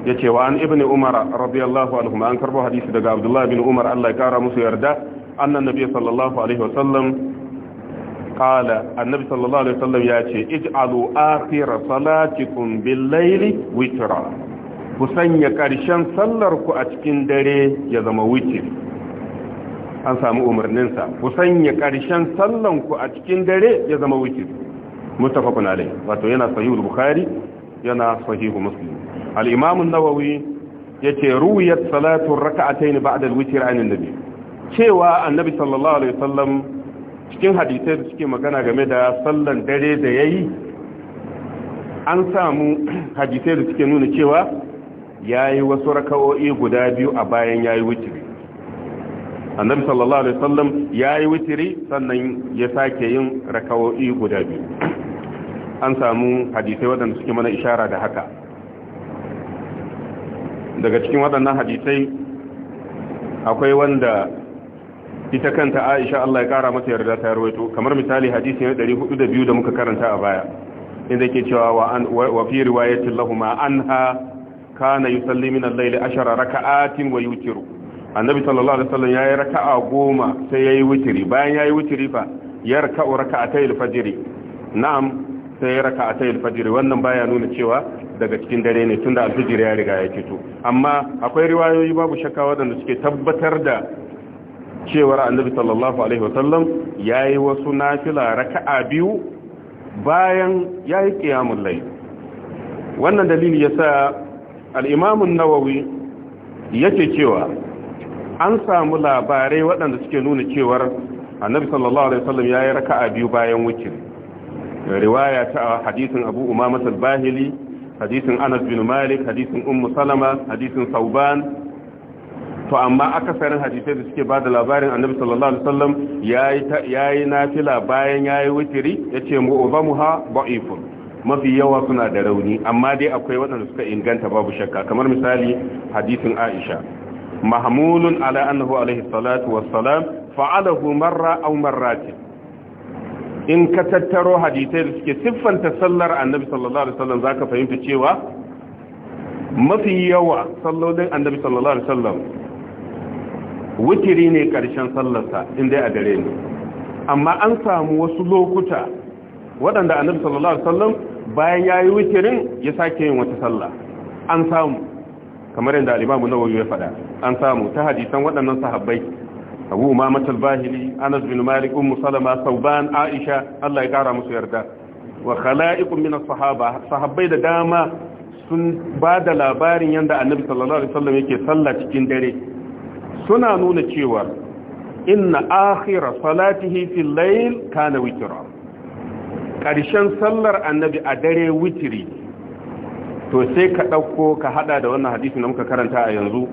ya ce wa an ibn umar radiyallahu anhu an karbo hadisi daga abdullahi bin umar allah ya kara musu yarda annan nabi sallallahu alaihi wasallam قال النبي صلى الله عليه وسلم ياتي اجعلوا آخر صلاتكم بالليل وترا ku sanya ƙarshen sallarku a cikin dare ya zama wuce an samu umarninsa ku sanya ƙarshen sallanku a cikin dare ya zama wuce mutafakun alai wato yana sahihul bukhari yana sahihu muslim al-imam an-nawawi yace ruwiyat salatu rak'atayn ba'da al-witr an an-nabi cewa annabi sallallahu alaihi wasallam cikin hadisai da suke magana game da sallan dare da yayi an samu hadisai da suke nuna cewa ya yi wasu raka'o'i guda biyu a bayan ya yi wutiri annabi sallallahu alaihi wasallam ya yi wuturi sannan ya sake yin raka'o'i guda biyu an samu hadisai waɗanda suke mana ishara da haka daga cikin waɗannan hadisai akwai wanda ita kanta aisha Allah ya kara mata yarda ta yarwaito kamar misali hadisi na 402 da muka karanta a baya inda ke cewa wa fi riwayatin lahuma anha kana yusalli min al-layli ashara raka'atin wa yutiru annabi sallallahu alaihi wasallam yayi raka'a goma sai yayi witiri bayan yayi witiri fa ya raka'u raka'atay na'am sai ya raka'atay al wannan baya nuna cewa daga cikin dare ne tunda al-fajr ya riga ya fito amma akwai riwayoyi babu shakka wadanda suke tabbatar da cewar annabi sallallahu alaihi wasallam yayi wasu nafila raka'a biyu bayan yayi qiyamul layl wannan dalili yasa al'imamun nawawi yake cewa an samu labarai waɗanda suke nuna cewar annabi sallallahu alaihi wasallam ya yi raka'a biyu bayan wucin riwaya ta hadisin abu umama al-bahili hadisin anas bin malik hadisin ummu salama hadisin sauban to amma akasarin hadisai da suke ba da labarin annabi sallallahu alaihi wasallam yayi yayi nafila bayan yayi witiri yace mu'zamuha da'ifun mafi yawa suna da rauni amma dai akwai waɗanda suka inganta babu shakka kamar misali hadisin Aisha mahmulun ala annahu alaihi salatu wassalam fa'alahu marra aw marratin in ka tattaro hadisai da suke siffanta sallar annabi sallallahu alaihi wasallam zaka fahimta cewa mafi yawa sallolin annabi sallallahu alaihi wasallam wutiri ne karshen sallarsa inda a dare ne amma an samu wasu lokuta waɗanda annabi sallallahu alaihi wasallam bayan ya yi wikirin ya sake yin wata sallah an samu kamar yadda alimamu na wayo ya faɗa an samu ta hadisan waɗannan sahabbai abu umamat bahili anas bin malik ummu salama sauban aisha Allah ya kara musu yarda wa khala'iqun min as-sahaba sahabbai da dama sun ba da labarin yadda annabi sallallahu alaihi wasallam yake sallah cikin dare suna nuna cewa inna akhira salatihi fil layl kana witra ƙarshen sallar annabi a dare witiri to sai ka ɗauko ka haɗa da wannan hadisi na muka karanta a yanzu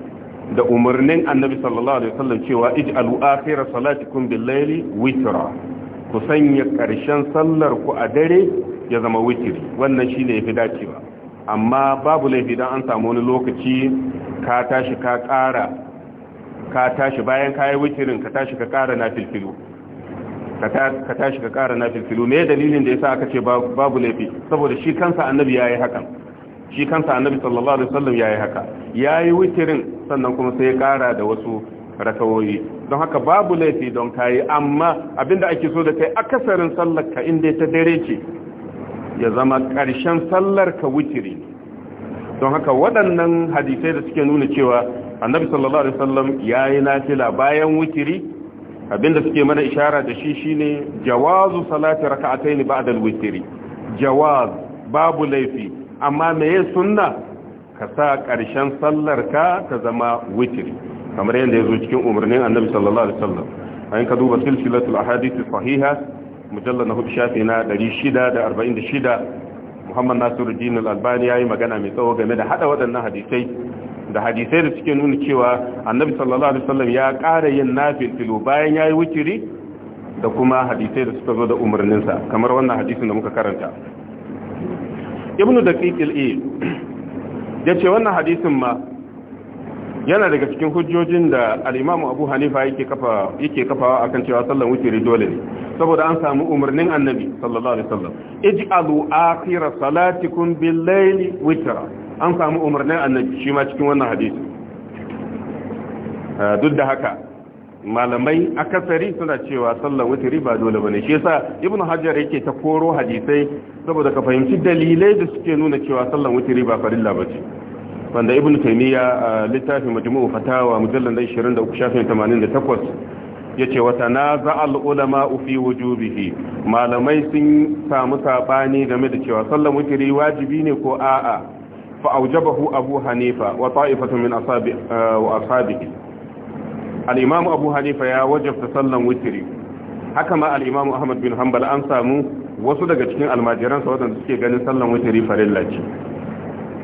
da umarnin annabi sallallahu alaihi wasallam cewa ij'alu akhira salatikum bil-layli witra ku sanya ƙarshen sallar ku a dare ya zama witiri wannan shine yafi dacewa amma babu laifi dan an samu wani lokaci ka tashi ka ƙara ka tashi bayan kayi witirin ka tashi ka ƙara na filfilu ka tashi ka ƙara na filfilu me dalilin da ya sa aka ce babu laifi saboda shi kansa annabi ya yi hakan shi kansa annabi sallallahu alaihi wasallam ya yi haka ya yi witirin sannan kuma sai ya ƙara da wasu rakawoyi don haka babu laifi don ka yi amma abinda ake so da kai akasarin sallar ka inda ta dare ce ya zama karshen sallar ka witiri don haka waɗannan hadisai da suke nuna cewa annabi sallallahu alaihi wasallam yayi nafila bayan witiri abinda suke mana ishara da shi shine jawazu salati raka'atayn ba'da al-witri jawaz babu laifi amma meye sunna ka sa karshen sallar ka ta zama witri kamar yadda yazo cikin umarnin Annabi sallallahu alaihi wasallam ayin ka duba silsilatul ahadith sahiha mujallad na shafi na 646 Muhammad Nasiruddin Al-Albani yayi magana mai tsawo game da hada waɗannan hadisai da hadisai da suke nuna cewa annabi sallallahu alaihi wasallam ya ƙara yin nafilfilo bayan yayi witiri da kuma hadisai da suka zo da umarnin sa kamar wannan hadisin da muka karanta ibnu daqiq al yace wannan hadisin ma yana daga cikin hujjojin da al-imam abu hanifa yake kafa yake kafawa akan cewa sallan witiri dole ne saboda an samu umarnin annabi sallallahu alaihi wasallam ij'alu akhir salatikum bil-layli witra an samu umarnin annabi shi ma cikin wannan hadisi ah, duk da haka malamai akasari suna cewa sallar wuturi ba dole bane shi yasa ibn hajar yake ta koro hadisai saboda ka fahimci dalilai da suke nuna cewa sallar wuturi ba farilla bace wanda ibn taymiya a ah, littafin majmu'u fatawa mujallal 23 shafin 88 wata wa tanaza ulama fi wujubihi malamai sun samu saɓani game da cewa sallar wutiri wajibi ne ko a'a fa aujabahu abu hanifa wa ta'ifatu min ashabi wa ashabihi abu hanifa ya wajabta sallan witri haka ma al-imam ahmad bin hanbal an samu wasu daga cikin almajiransa wadanda suke ganin sallan witri farilla ce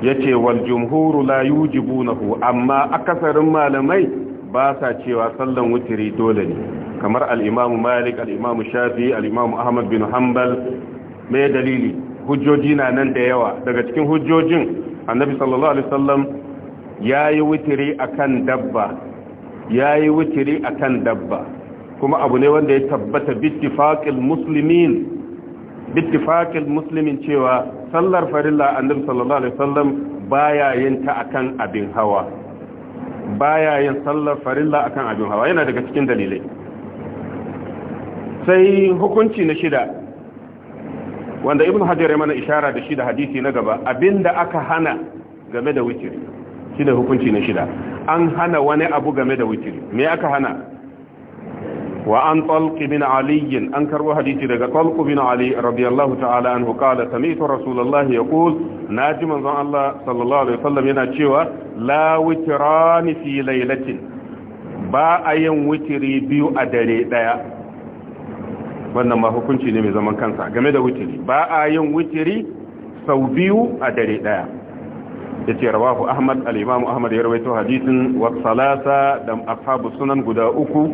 yace wal jumhuru la yujibunahu amma akasarin malamai ba sa cewa sallan witri dole ne kamar al malik al shafi al-imamu ahmad bin hanbal mai dalili hujjoji na nan da yawa daga cikin hujjojin annabi sallallahu alaihi wasallam yayi witiri akan dabba yayi witiri akan dabba kuma abu ne wanda ya tabbata bittifaqil muslimin bittifaqil muslimin cewa sallar farilla annabi sallallahu alaihi wasallam baya yin ta akan abin hawa baya yin sallar farilla akan abin hawa yana daga cikin dalilai sai hukunci na shida wanda ibn hajar ya mana ishara da shi da hadisi na gaba abinda aka hana game da witiri shi da hukunci na shida an hana wani abu game da witiri me aka hana wa an talqi bin ali an karbo hadisi daga talqi bin ali radiyallahu ta'ala anhu qala sami'tu rasulullahi yaqul naji manzon Allah sallallahu alaihi wasallam yana cewa la witrani fi laylatin ba ayin witiri biyu a dare daya wannan ma hukunci ne mai zaman kansa game da witiri ba a yin witiri sau biyu a dare daya ya ce rawahu ahmad al'imamu ahmad ya rawaito hadisin salasa da ashabu sunan guda uku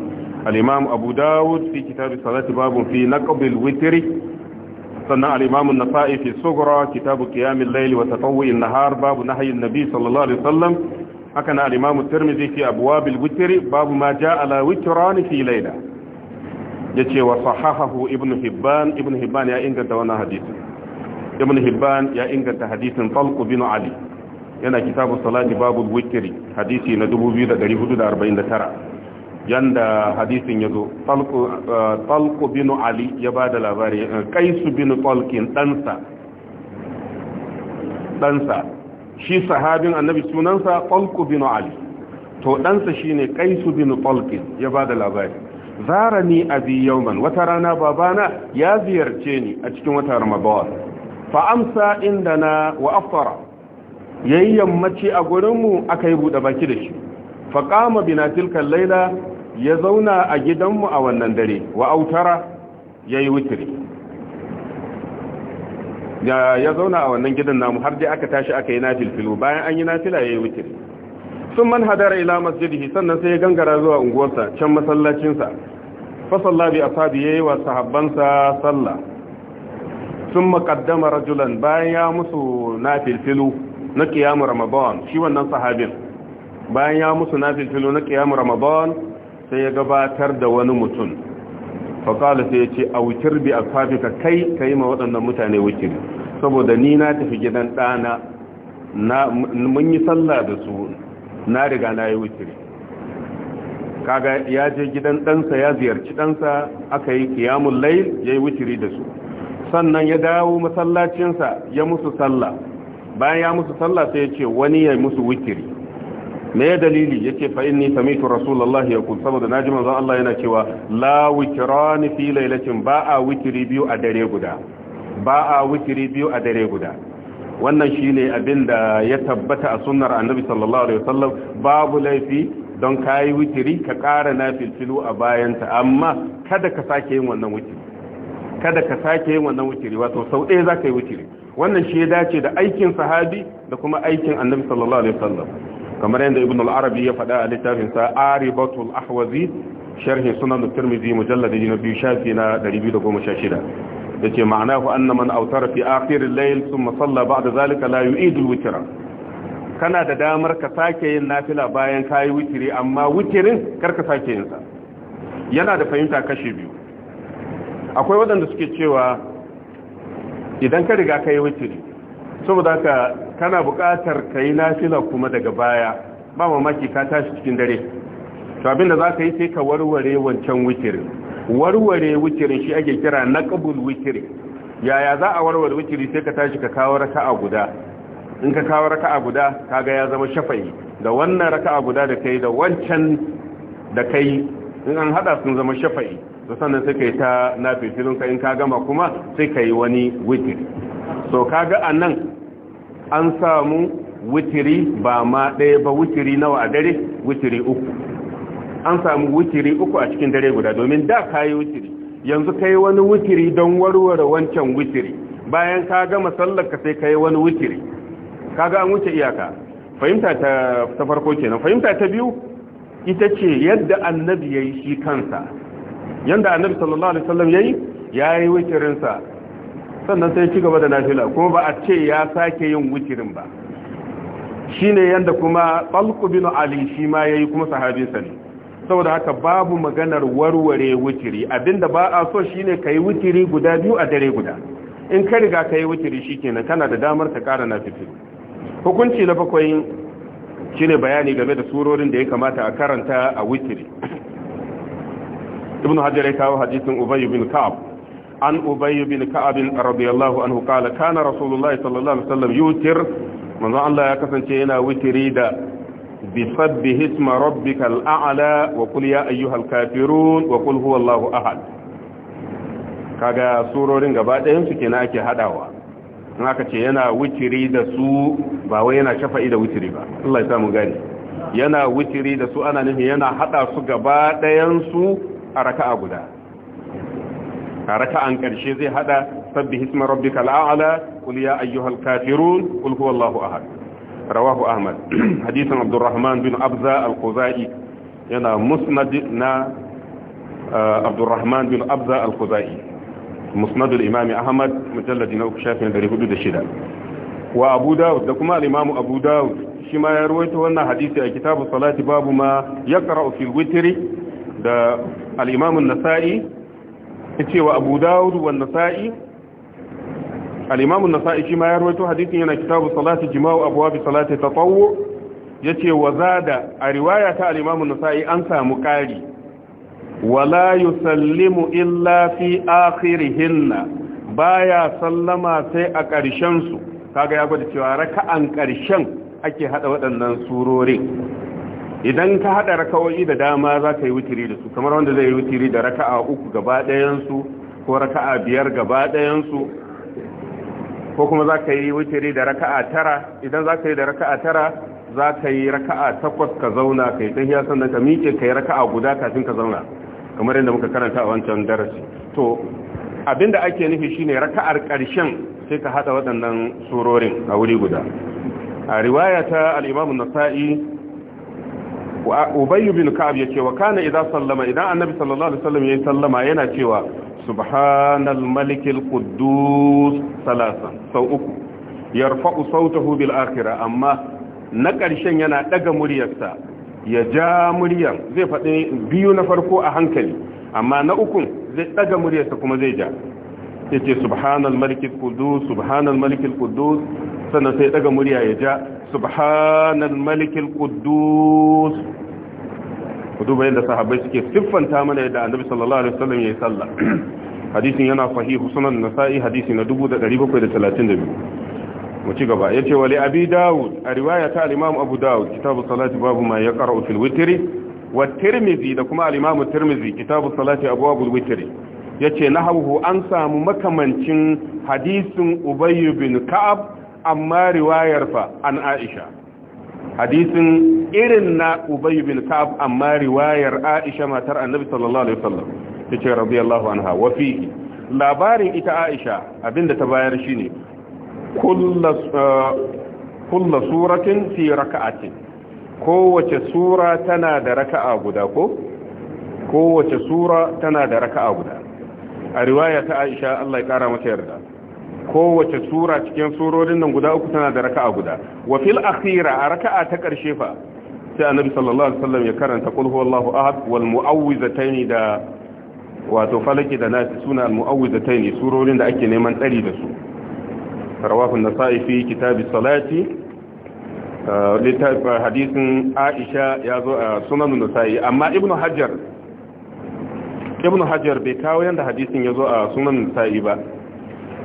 al'imamu abu dawud fi kitabu salati babu fi naqbil witiri sannan al'imamu nasa'i fi sugra kitabu qiyamil layli wa tatawwu'in nahar babu nahyin nabi sallallahu alaihi wasallam haka na al'imamu tirmidhi fi abwabil witri babu ma ja'a ala witrani fi layla yace wa sahahahu ibn hibban ibn hibban ya inganta wannan hadisi ibn hibban ya inganta hadisin talq bin ali yana kitabu salati babu witri hadisi na 2449 yanda hadisin yazo talq uh, talq bin ali ya ba da labari uh, qais bin talqin dansa dansa shi sahabin annabi sunansa talq bin ali to dansa shine qais bin talqin ya ba da labari Zara zarani abi yawman wata rana babana ya ziyarce ni a cikin wata ramadan Fa'amsa inda na wa’afara ya yi yammaci a gurin aka yi buɗe baki da shi Faƙama qama bina ya zauna a gidanmu a wannan dare wa’autara ya yi witri ya zauna a wannan gidan namu har dai aka tashi aka yi nafilfilu bayan an yi nafila yi wutiri. sun man hadara ila masjidihi sannan sai ya gangara zuwa unguwarsa can masallacinsa fa salla bi ashabi yayi wa sahabbansa salla sun maqaddama rajulan bayan ya musu nafilfilu na qiyam ramadan shi wannan sahabin bayan ya musu nafilfilu na qiyam ramadan sai ya gabatar da wani mutum fa sai ya ce a awtir bi ka kai kai ma waɗannan mutane wukili saboda ni na tafi gidan ɗana mun yi sallah da su na riga na yi witiri kaga ya je gidan ɗansa ya ziyarci ɗansa aka yi kiyamun lail ya yi witiri da su sannan ya dawo masallacinsa ya musu sallah bayan ya musu sallah sai ya ce wani ya musu witiri me ya dalili ya ce fa'in ni samitu rasulallah ya kun saboda na ji manzan Allah yana cewa la ni fi lailacin ba a witiri biyu a dare guda ba a witiri biyu a dare guda wannan shine abin da ya tabbata a sunnar annabi sallallahu alaihi wasallam babu laifi don kayi witiri ka ƙara nafilfilu a bayanta amma kada ka sake yin wannan witiri kada ka sake yin wannan wato sau ɗaya za ka yi wutiri wannan shi ya dace da aikin sahabi da kuma aikin annabi sallallahu alaihi wasallam kamar yadda ibn al-arabi ya faɗa a littafin sa aribatul ahwazi sharhi sunan at-tirmidhi mujallad na biyu shafi na 216 ma'ana ku annama man awtara fi akhir al-layl thumma salla ba'da zalika la yu'idu al kana da damar ka sake yin nafila bayan kayi witiri amma witirin kar ka sake yin yana da fahimta kashi biyu akwai waɗanda suke cewa idan ka riga ka kayi witiri saboda ka kana buƙatar ka yi nafila kuma daga baya ba mamaki ka tashi cikin dare to abinda za ka yi sai ka warware wancan witirin warware wukirin shi ake kira naqbul wukiri yaya za a warware wukiri sai ka tashi ka kawo raka'a guda in ka kawo raka'a guda kaga ya zama shafa'i da wannan raka'a guda da kai da wancan da kai in an hada sun zama shafa'i to sannan sai kai ta nafilin ka in ka gama kuma sai kai wani witiri so kaga nan an samu witiri ba ma ɗaya ba wukiri nawa a dare wukiri uku an samu wutiri uku a cikin dare guda domin da ka yi wutiri yanzu ka yi wani wutiri don warware wancan wutiri bayan ka gama sallar ka sai ka yi wani wutiri ga an wuce iyaka fahimta ta farko kenan fahimta ta biyu ita ce yadda annabi yayi shi kansa yanda annabi sallallahu alaihi wasallam yayi yayi wutirin sa sannan sai ci gaba da nafila kuma ba a ce ya sake yin wutirin ba shine yanda kuma Talq Ali shi ma yayi kuma sahabinsa ne saboda haka babu maganar warware wutiri abinda ba a so shine kai wutiri guda biyu a dare guda in ka riga kai wutiri shikenan kana da damar ƙara kara nafifi hukunci na bakwai shine bayani game da surorin da ya kamata a karanta a wutiri ibn hajjar ya kawo hadisin ubay bin ka'ab an ubay bin ka'ab radiyallahu anhu kana rasulullahi sallallahu alaihi wasallam yutir manzo Allah ya kasance yana wutiri da بسبه اسم ربك الأعلى وقل يا أيها الكافرون وقل هو الله أحد kaga surorin gaba ɗayan su kenan ake hadawa in aka ce yana witiri da su ba wai yana shafa'i da witiri ba Allah samu gani yana witiri da su ana nufin yana hada su gaba su a raka'a guda a raka'an karshe zai hada sabbi hisma rabbikal a'la qul ayyuhal kafirun qul huwallahu ahad rawahu ahmad hadisin abdurrahman bin abza al-khuzai yana musnad na uh, abdurrahman bin abza al-khuzai musnad al-imam ahmad mujalladi na uku shafin 406 wa abu dawud da kuma al-imam abu dawud shi ma ya ruwaito wannan hadisi a kitabu salati babu ma yaqra'u fil witri da al-imam an-nasa'i yace wa abu dawud wa an-nasa'i al nasai shi ma ya rawaito hadisin yana kitabu salati jima'u abwab salati tatawwu yace wa da a riwaya ta al an-nasa'i an samu kari wala sallimu illa fi akhirihinna baya sallama sai a ƙarshen su kaga ya gwada cewa raka'an ƙarshen ake hada waɗannan surorin idan ka hada raka'o'i da dama za ka yi wutiri da su kamar wanda zai yi wutiri da raka'a uku gaba ɗayansu ko raka'a biyar gaba ɗayansu ko kuma za ka yi witiri da raka'a tara idan za ka yi da raka'a tara za ka yi raka'a takwas ka zauna ka yi hiyar sannan ka miƙe ka yi raka'a guda kafin ka zauna kamar yadda muka karanta a wancan darasi to da ake nufi shine raka'ar ƙarshen sai ka haɗa waɗannan surorin a wuri guda a riwaya ta al'imamu nasai bin Ka'ab yace wa kana idza sallama idan Annabi sallallahu alaihi wasallam yayin sallama yana cewa subhanal malikil quddus salasan sau uku yarfa'u sautahu bil akhirah amma na ƙarshen yana daga muryarsa ya ja muryar zai faɗi biyu na farko a hankali amma na ukun zai daga muryarsa kuma zai ja yace subhanal malikil kudus subhanal malikil kudus sannan sai daga murya ya ja subhanal malikil kudus. ku duba yadda sahabbai suke siffanta mana yadda annabi sallallahu alaihi wasallam yayi sallah hadisin yana sahihu sunan nasa'i hadisi na 1732 mu ci gaba yace wali abi daud a riwaya ta al-imam abu daud kitabu salati babu ma yaqra'u fil witri wa tirmidhi da kuma al-imam tirmidhi kitabu salati abwabul witri yace nahawu an samu makamancin hadisin ubay bin ka'ab amma riwayar fa an aisha hadisin irin na ubay bin ka'ab amma riwayar aisha matar annabi sallallahu alaihi wasallam tace radiyallahu anha wa fihi labarin ita aisha abinda ta bayar shine kullu eh, kullu suratin fi raka'atin kowace sura tana da raka'a guda ko kowace sura tana da raka'a guda a riwaya ta aisha Allah ya kara mata yarda kowace sura cikin surorin nan guda uku tana da raka'a guda wa fil akhira a raka'a ta karshe fa sai annabi sallallahu alaihi wasallam ya karanta qul huwallahu ahad wal mu'awwizataini da wato falaki da nasi suna al mu'awwizataini surorin da ake neman tsari da su rawahu an-nasa'i fi kitabi salati eh, littafin eh, hadisin Aisha ya zo a sunanun nasa'i amma ibnu Hajar ibnu Hajar bai kawo yanda hadisin ya zo a sunan nasa'i ba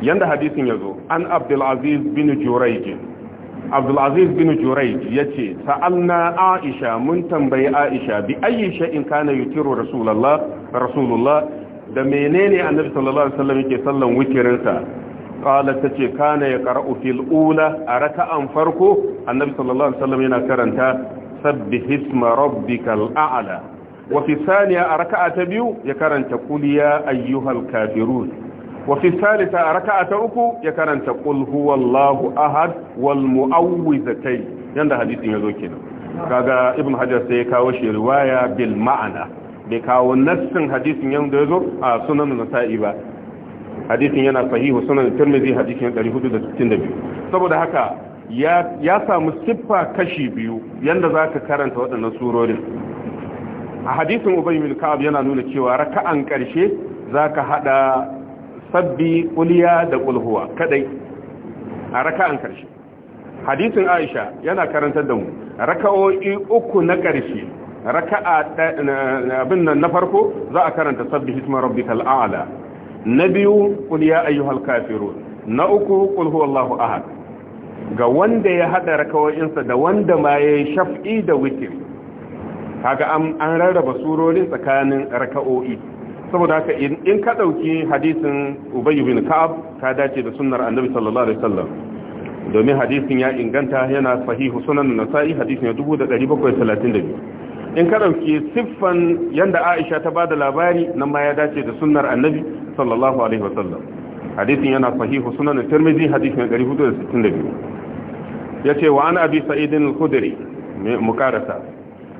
yanda hadisin ya zo an abdulaziz bin juraij abdulaziz bin juraij ya ce sa'alna aisha mun tambayi aisha bi in sha'in kana yutiru rasulullah da menene annabi sallallahu alaihi wasallam yake sallan wikirinsa qala tace kana ya qara'u fil ula a raka'an farko annabi sallallahu alaihi wasallam yana karanta sabbih isma rabbikal a'la wa fi thaniya a raka'a ta biyu ya karanta qul ya ayyuhal kafirun wafi salisa a raka'a ta uku ya karanta qul huwallahu ahad wal mu'awwizatai yanda hadisin yazo nan kaga ibn hajar sai ya kawo shi riwaya bil ma'ana bai kawo nassin hadisin ya yazo a sunan nasa'i ba hadisin yana sahihu sunan sittin da biyu saboda haka ya samu siffa kashi biyu yanda zaka karanta waɗannan surorin a hadisin ubay ka'ab yana nuna cewa raka'an ƙarshe zaka hada sabbi kuliya da kulhuwa kadai a raka'an karshe hadisin aisha yana karantar da mu raka'o'i uku na karshe raka'a abin nan na farko za a karanta sabbi hisma rabbikal a'la na biyu kuliya ayyuhal kafirun na uku kulhu wallahu ahad ga wanda ya hada sa da wanda ma ya yi shaf'i da witin, kaga an rarraba surorin tsakanin raka'o'i saboda haka in ka ɗauki hadisin ubayyu bin ka'ab ka dace da sunnar annabi sallallahu alaihi wasallam domin hadisin ya inganta yana sahihu sunan nasa'i hadisin ya 1732 in ka ɗauki siffan yanda aisha ta bada labari nan ma ya dace da sunnar annabi sallallahu alaihi wasallam hadisin yana sahihu sunan tirmidhi hadisin 462 yace wa an abi sa'idin al-khudri mukarasa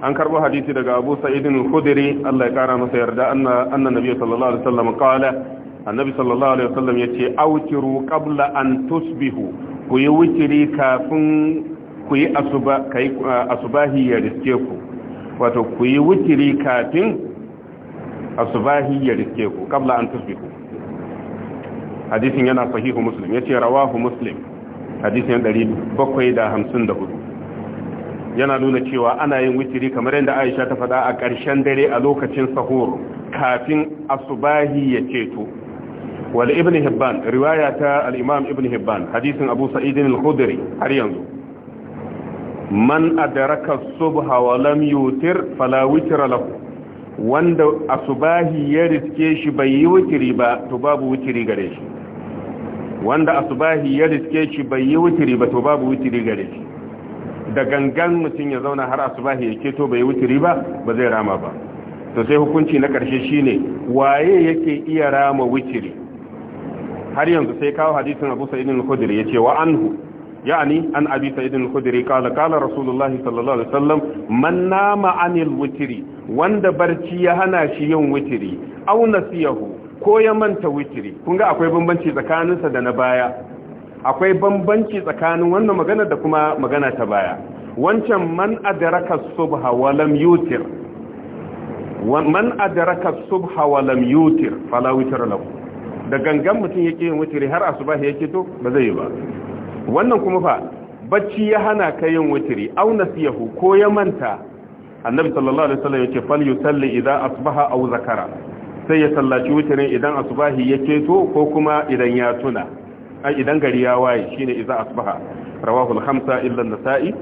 an karbo hadisi daga abu sa'idin khudri Allah ya kara masa yarda anna anna nabi sallallahu alaihi wasallam qala annabi sallallahu alaihi wasallam yace awtiru qabla an tusbihu ku yi wuciri kafin ku yi asuba kai asubahi ya riske ku wato ku yi wuciri kafin asubahi ya riske ku qabla an tusbihu hadisin yana sahihu muslim yace rawahu muslim hadisin 754 yana nuna cewa ana yin witiri kamar yadda Aisha ta faɗa a ƙarshen dare a lokacin sahur kafin asubahi ya ceto wal ibn hibban riwaya ta al-imam ibn hibban hadisin abu sa'id al-khudri har yanzu man adraka subha wa lam yutir fala witra lahu wanda asubahi ya riske shi bai yi witiri ba to babu witiri gare shi wanda asubahi ya riske shi bai yi witiri ba to babu witiri gare shi da gangan mutum ya zauna har asuba ya keto bai wuturi ba ba zai rama ba to sai hukunci na karshe shine waye yake iya rama wuturi har yanzu sai kawo hadisin Abu Sa'id al-Khudri yace wa anhu yani an Abi Sa'id al-Khudri kala kala Rasulullahi sallallahu alaihi wasallam man nama anil wuturi wanda barci ya hana shi yin wuturi aw nasiyahu ko ya manta wuturi kun ga akwai bambanci tsakaninsa da na baya akwai bambanci tsakanin wannan magana da kuma magana ta baya wancan man adraka subha walam yutir man adraka subha walam yutir fala witr lahu da gangan mutum yake yin witri har asuba yake to ba zai yi ba wannan kuma fa bacci ya hana ka yin witri aw nasiyahu ko ya manta annabi sallallahu alaihi wasallam yake fal yusalli idza asbaha aw zakara sai ya sallaci witrin idan asubahi yake to ko kuma idan ya tuna ai idan gari ya waye shine idza asbaha rawahu al-khamsa illa an-nasa'i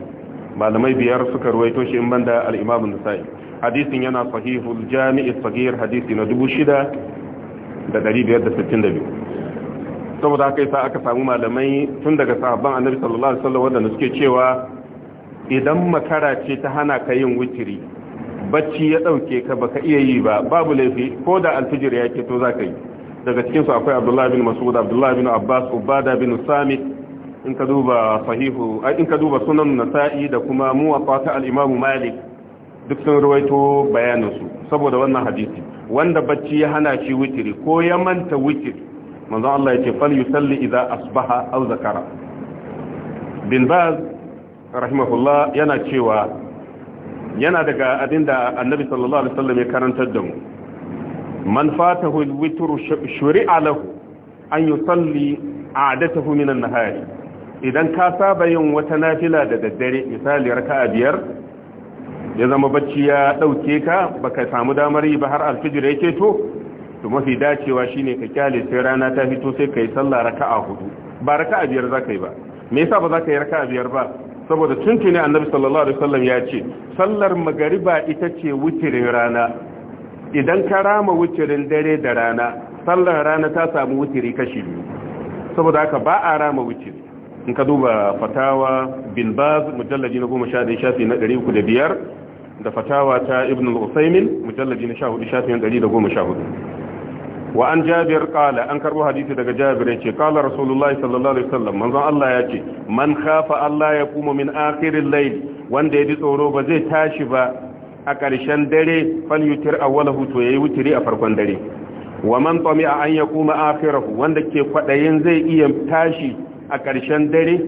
malamai biyar suka ruwaito shi in banda al-imam an-nasa'i hadisin yana sahihul jami' al saghir hadisi na 6562 saboda haka sa aka samu malamai tun daga sahabban annabi sallallahu alaihi wasallam wanda suke cewa idan makara ce ta hana ka yin witiri bacci ya dauke ka baka iya yi ba babu laifi ko da alfijir ya ke to za ka yi daga cikinsu akwai abdullahi bin guda abdullahi bin abbas ubada bin samit in ka duba sahihu in ka duba sunan nasa'i da kuma muwatta ta al-imam malik duk sun ruwaito bayaninsu saboda wannan hadisi wanda bacci ya hana shi wikiri ko ya manta witiri manzon Allah ya ce fal asbaha aw zakara bin baz rahimahullah yana cewa yana daga abinda annabi sallallahu alaihi wasallam ya karantar da mu man fatahu alwitr shuri'a lahu an yusalli a'datahu min an-nahari idan ka saba yin wata nafila da daddare misali raka'a biyar ya zama bacci ya dauke ka baka samu damar yi ba har alfijir yake to to mafi dacewa shine ka kyale sai rana ta fito sai kai sallah raka'a hudu ba raka'a biyar zaka yi ba me yasa ba zaka yi raka'a biyar ba saboda tuntuni annabi sallallahu alaihi wasallam ya ce sallar magariba ita ce wutirin rana idan ka rama wucirin dare da rana sallar rana ta samu wuciri kashi biyu saboda haka ba a rama wuciri in ka duba fatawa bin baz mujallaji na goma sha ɗaya shafi na ɗari uku da biyar da fatawa ta ibn al-usaimin mujallaji na sha hudu shafi na ɗari da goma sha hudu wa an jabir kala an karbo hadisi daga jabir ce kala rasulullahi sallallahu alaihi wasallam manzon Allah ce man khafa Allah ya kuma min akhiril layl wanda ya ji tsoro ba zai tashi ba a ƙarshen dare fal yutir awwalahu to yi wutiri a farkon dare wa man tami'a an yaquma akhirahu wanda ke kwadayin zai iya tashi a ƙarshen dare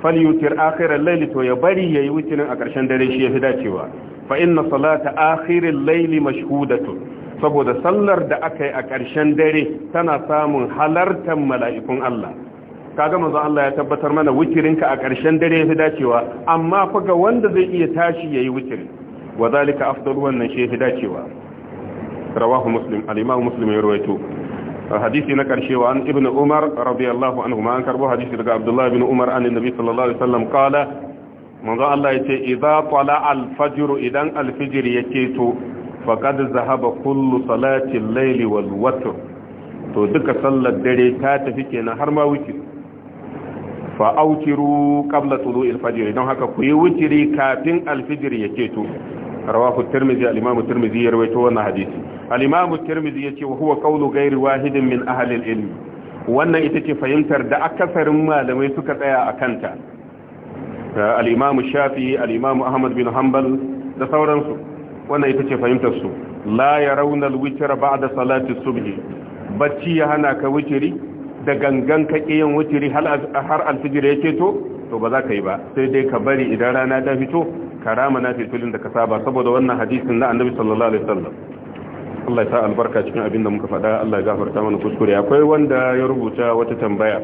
fal yutir akhiral to ya bari yayi wutirin a ƙarshen dare shi fi dacewa fa inna salata akhiril layli mashhudatun saboda sallar da aka yi a ƙarshen dare tana samun halartar mala'ikun Allah kaga manzo Allah ya tabbatar mana wutirinka a ƙarshen dare fi dacewa amma fa ga wanda zai iya tashi yayi wutirin wa zalika afdal wannan shehi dacewa rawahu muslim al-imam muslim ya rawaito hadisi na karshe wa an ibnu umar radiyallahu anhu ma an karbo hadisi daga abdullah ibn umar an annabi sallallahu alaihi wasallam qala manzo Allah yace idza tala al-fajr idan al-fajr yake to faqad zahaba kullu salati al-layli wal watr to duka sallar dare ta tafi kenan har ma wuce fa autiru qabla tulu'il fajr don haka ku yi wutiri kafin alfijir ya keto rawahu tirmidhi al-imam tirmidhi ya rawaito wannan hadisi al-imam tirmidhi yace wa huwa qawlu ghairi wahidin min ahli al-ilm wannan ita ce fahimtar da akasarin malamai suka tsaya a kanta al-imam shafi'i al-imam ahmad bin hanbal da sauransu wannan ita ce fahimtar su la yarawna al-witra ba'da salati subhi bacci ya hana ka witri da gangan ka yin wutiri har alfijir ya ceto to ba za ka yi ba sai dai ka bari idan rana ta fito ka rama na fitulun da ka saba saboda wannan hadisin na annabi sallallahu alaihi wasallam Allah ya sa albarka cikin abin da muka faɗa Allah ya gafarta mana kuskure akwai wanda ya rubuta wata tambaya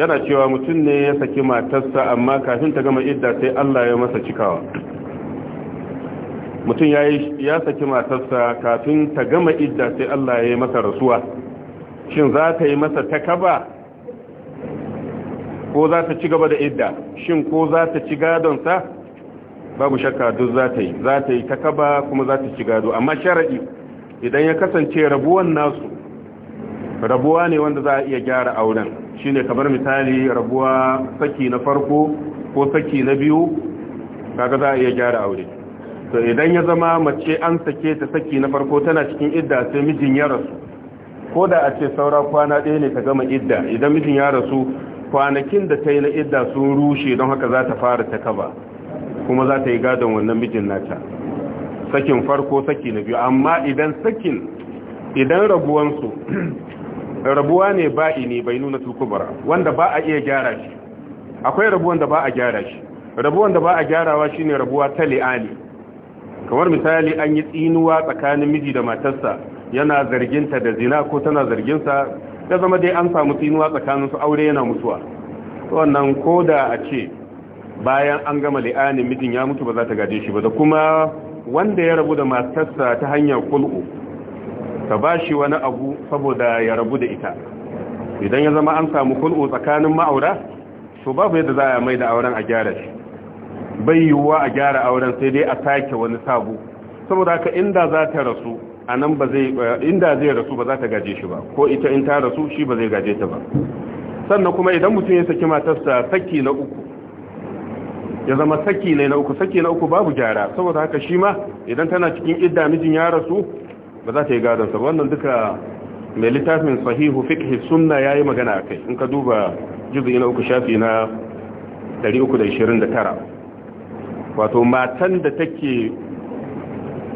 yana cewa mutum ne ya saki matarsa amma kafin ta gama idda sai Allah ya masa cikawa mutum ya saki matarsa kafin ta gama idda sai Allah ya yi masa rasuwa shin za ta yi masa takaba ko za ta ci gaba da idda shin ko za ta ci gadonsa babu shakka duk za ta yi za ta yi takaba kuma za ta ci gado amma sharaɗi idan ya kasance rabuwan nasu rabuwa ne wanda za a iya gyara auren shine kamar misali rabuwa saki na farko ko saki na biyu kaga za a iya gyara aure to idan ya zama mace an sake ta saki na farko tana cikin idda sai mijin ya rasu ko da a ce saura kwana ɗaya ne ta gama idda idan mijin ya rasu kwanakin da ta yi na idda sun rushe don haka za ta fara ta kaba kuma za ta yi gadon wannan mijin nata sakin farko saki na biyu amma idan sakin idan rabuwansu rabuwa ne ba'i ne bai nuna tukubara wanda ba a iya gyara shi akwai rabuwan da ba a gyara shi rabuwan da ba a gyarawa shine rabuwa ta li'ali kamar misali an yi tsinuwa tsakanin miji da matarsa yana zarginta da zina ko tana zarginsa ya zama dai an samu tsinuwa tsakanin su aure yana mutuwa wannan ko da a ce bayan an gama li'anin mijin ya mutu ba za ta gaje shi ba da kuma wanda ya rabu da matarsa ta hanyar kul'u ta ba shi wani abu saboda ya rabu da ita idan ya zama an samu kul'u tsakanin ma'aura to babu yadda za a mai da auren a gyara shi bai yiwuwa a gyara auren sai dai a sake wani sabo saboda haka inda za ta rasu a nan ba zai inda zai rasu ba za ta gaje shi ba ko ita in ta rasu shi ba zai gaje ta ba sannan kuma idan mutum ya saki matarsa saki na uku ya zama saki ne na uku saki na uku babu gyara saboda haka shi ma idan tana cikin idda mijin ya rasu ba za ta yi gadon sa wannan duka mai littafin sahihu fiqh sunna yayi magana akai in ka duba juzu'i na uku shafi na 329 wato matan da take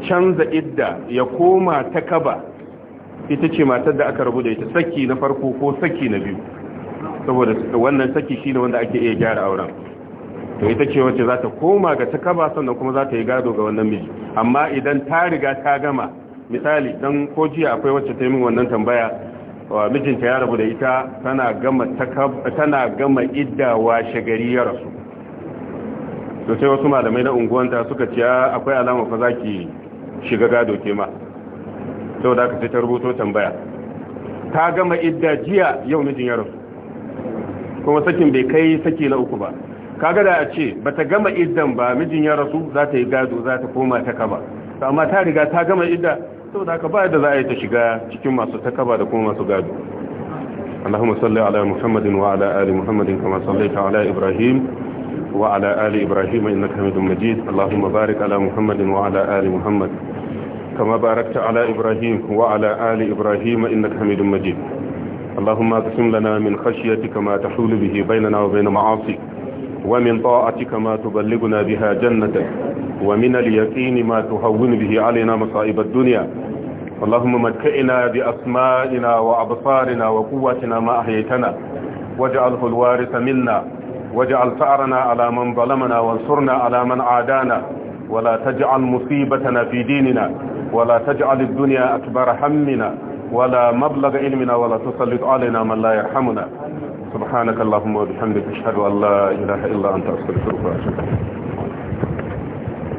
canza idda ya koma ta kaba ita ce matar da aka rabu da ita saki na farko ko saki na biyu saboda wannan saki shi ne wanda ake iya gyara auren to ita ce wacce za ta koma ga ta kaba sannan kuma za ta yi gado ga wannan miji amma idan ta riga ta gama misali dan ko jiya akwai wacce ta yi min wannan tambaya mijinta ya rabu da ita tana gama tana gama iddawa shagari ya rasu to sai wasu malamai na unguwanta suka ce akwai alama fa zaki shiga gado ke ma sau da aka sai ta rubuto tambaya ta gama idda jiya yau mijin ya rasu kuma sakin bai kai saki na uku ba kaga da a ce ba ta gama iddan ba mijin ya rasu za ta yi gado za ta koma ta kaba amma ta riga ta gama idda sau da aka bayar da za a yi ta shiga cikin masu ta kaba da kuma masu gado اللهم صل على محمد وعلى آل محمد كما صليت على إبراهيم وعلى آل إبراهيم إنك حميد مجيد اللهم بارك على محمد وعلى آل محمد كما باركت على إبراهيم وعلى آل إبراهيم إنك حميد مجيد اللهم اقسم لنا من خشيتك ما تحول به بيننا وبين معاصيك ومن طاعتك ما تبلغنا بها جنتك ومن اليقين ما تهون به علينا مصائب الدنيا اللهم متكئنا بأسمائنا وأبصارنا وقوتنا ما أحييتنا واجعله الوارث منا واجعل ثأرنا على من ظلمنا وانصرنا على من عادانا ولا تجعل مصيبتنا في ديننا ولا تجعل الدنيا أكبر همنا ولا مبلغ علمنا ولا تسلط علينا من لا يرحمنا سبحانك اللهم وبحمدك اشهد ان لا اله الا انت استغفرك واتوب اليك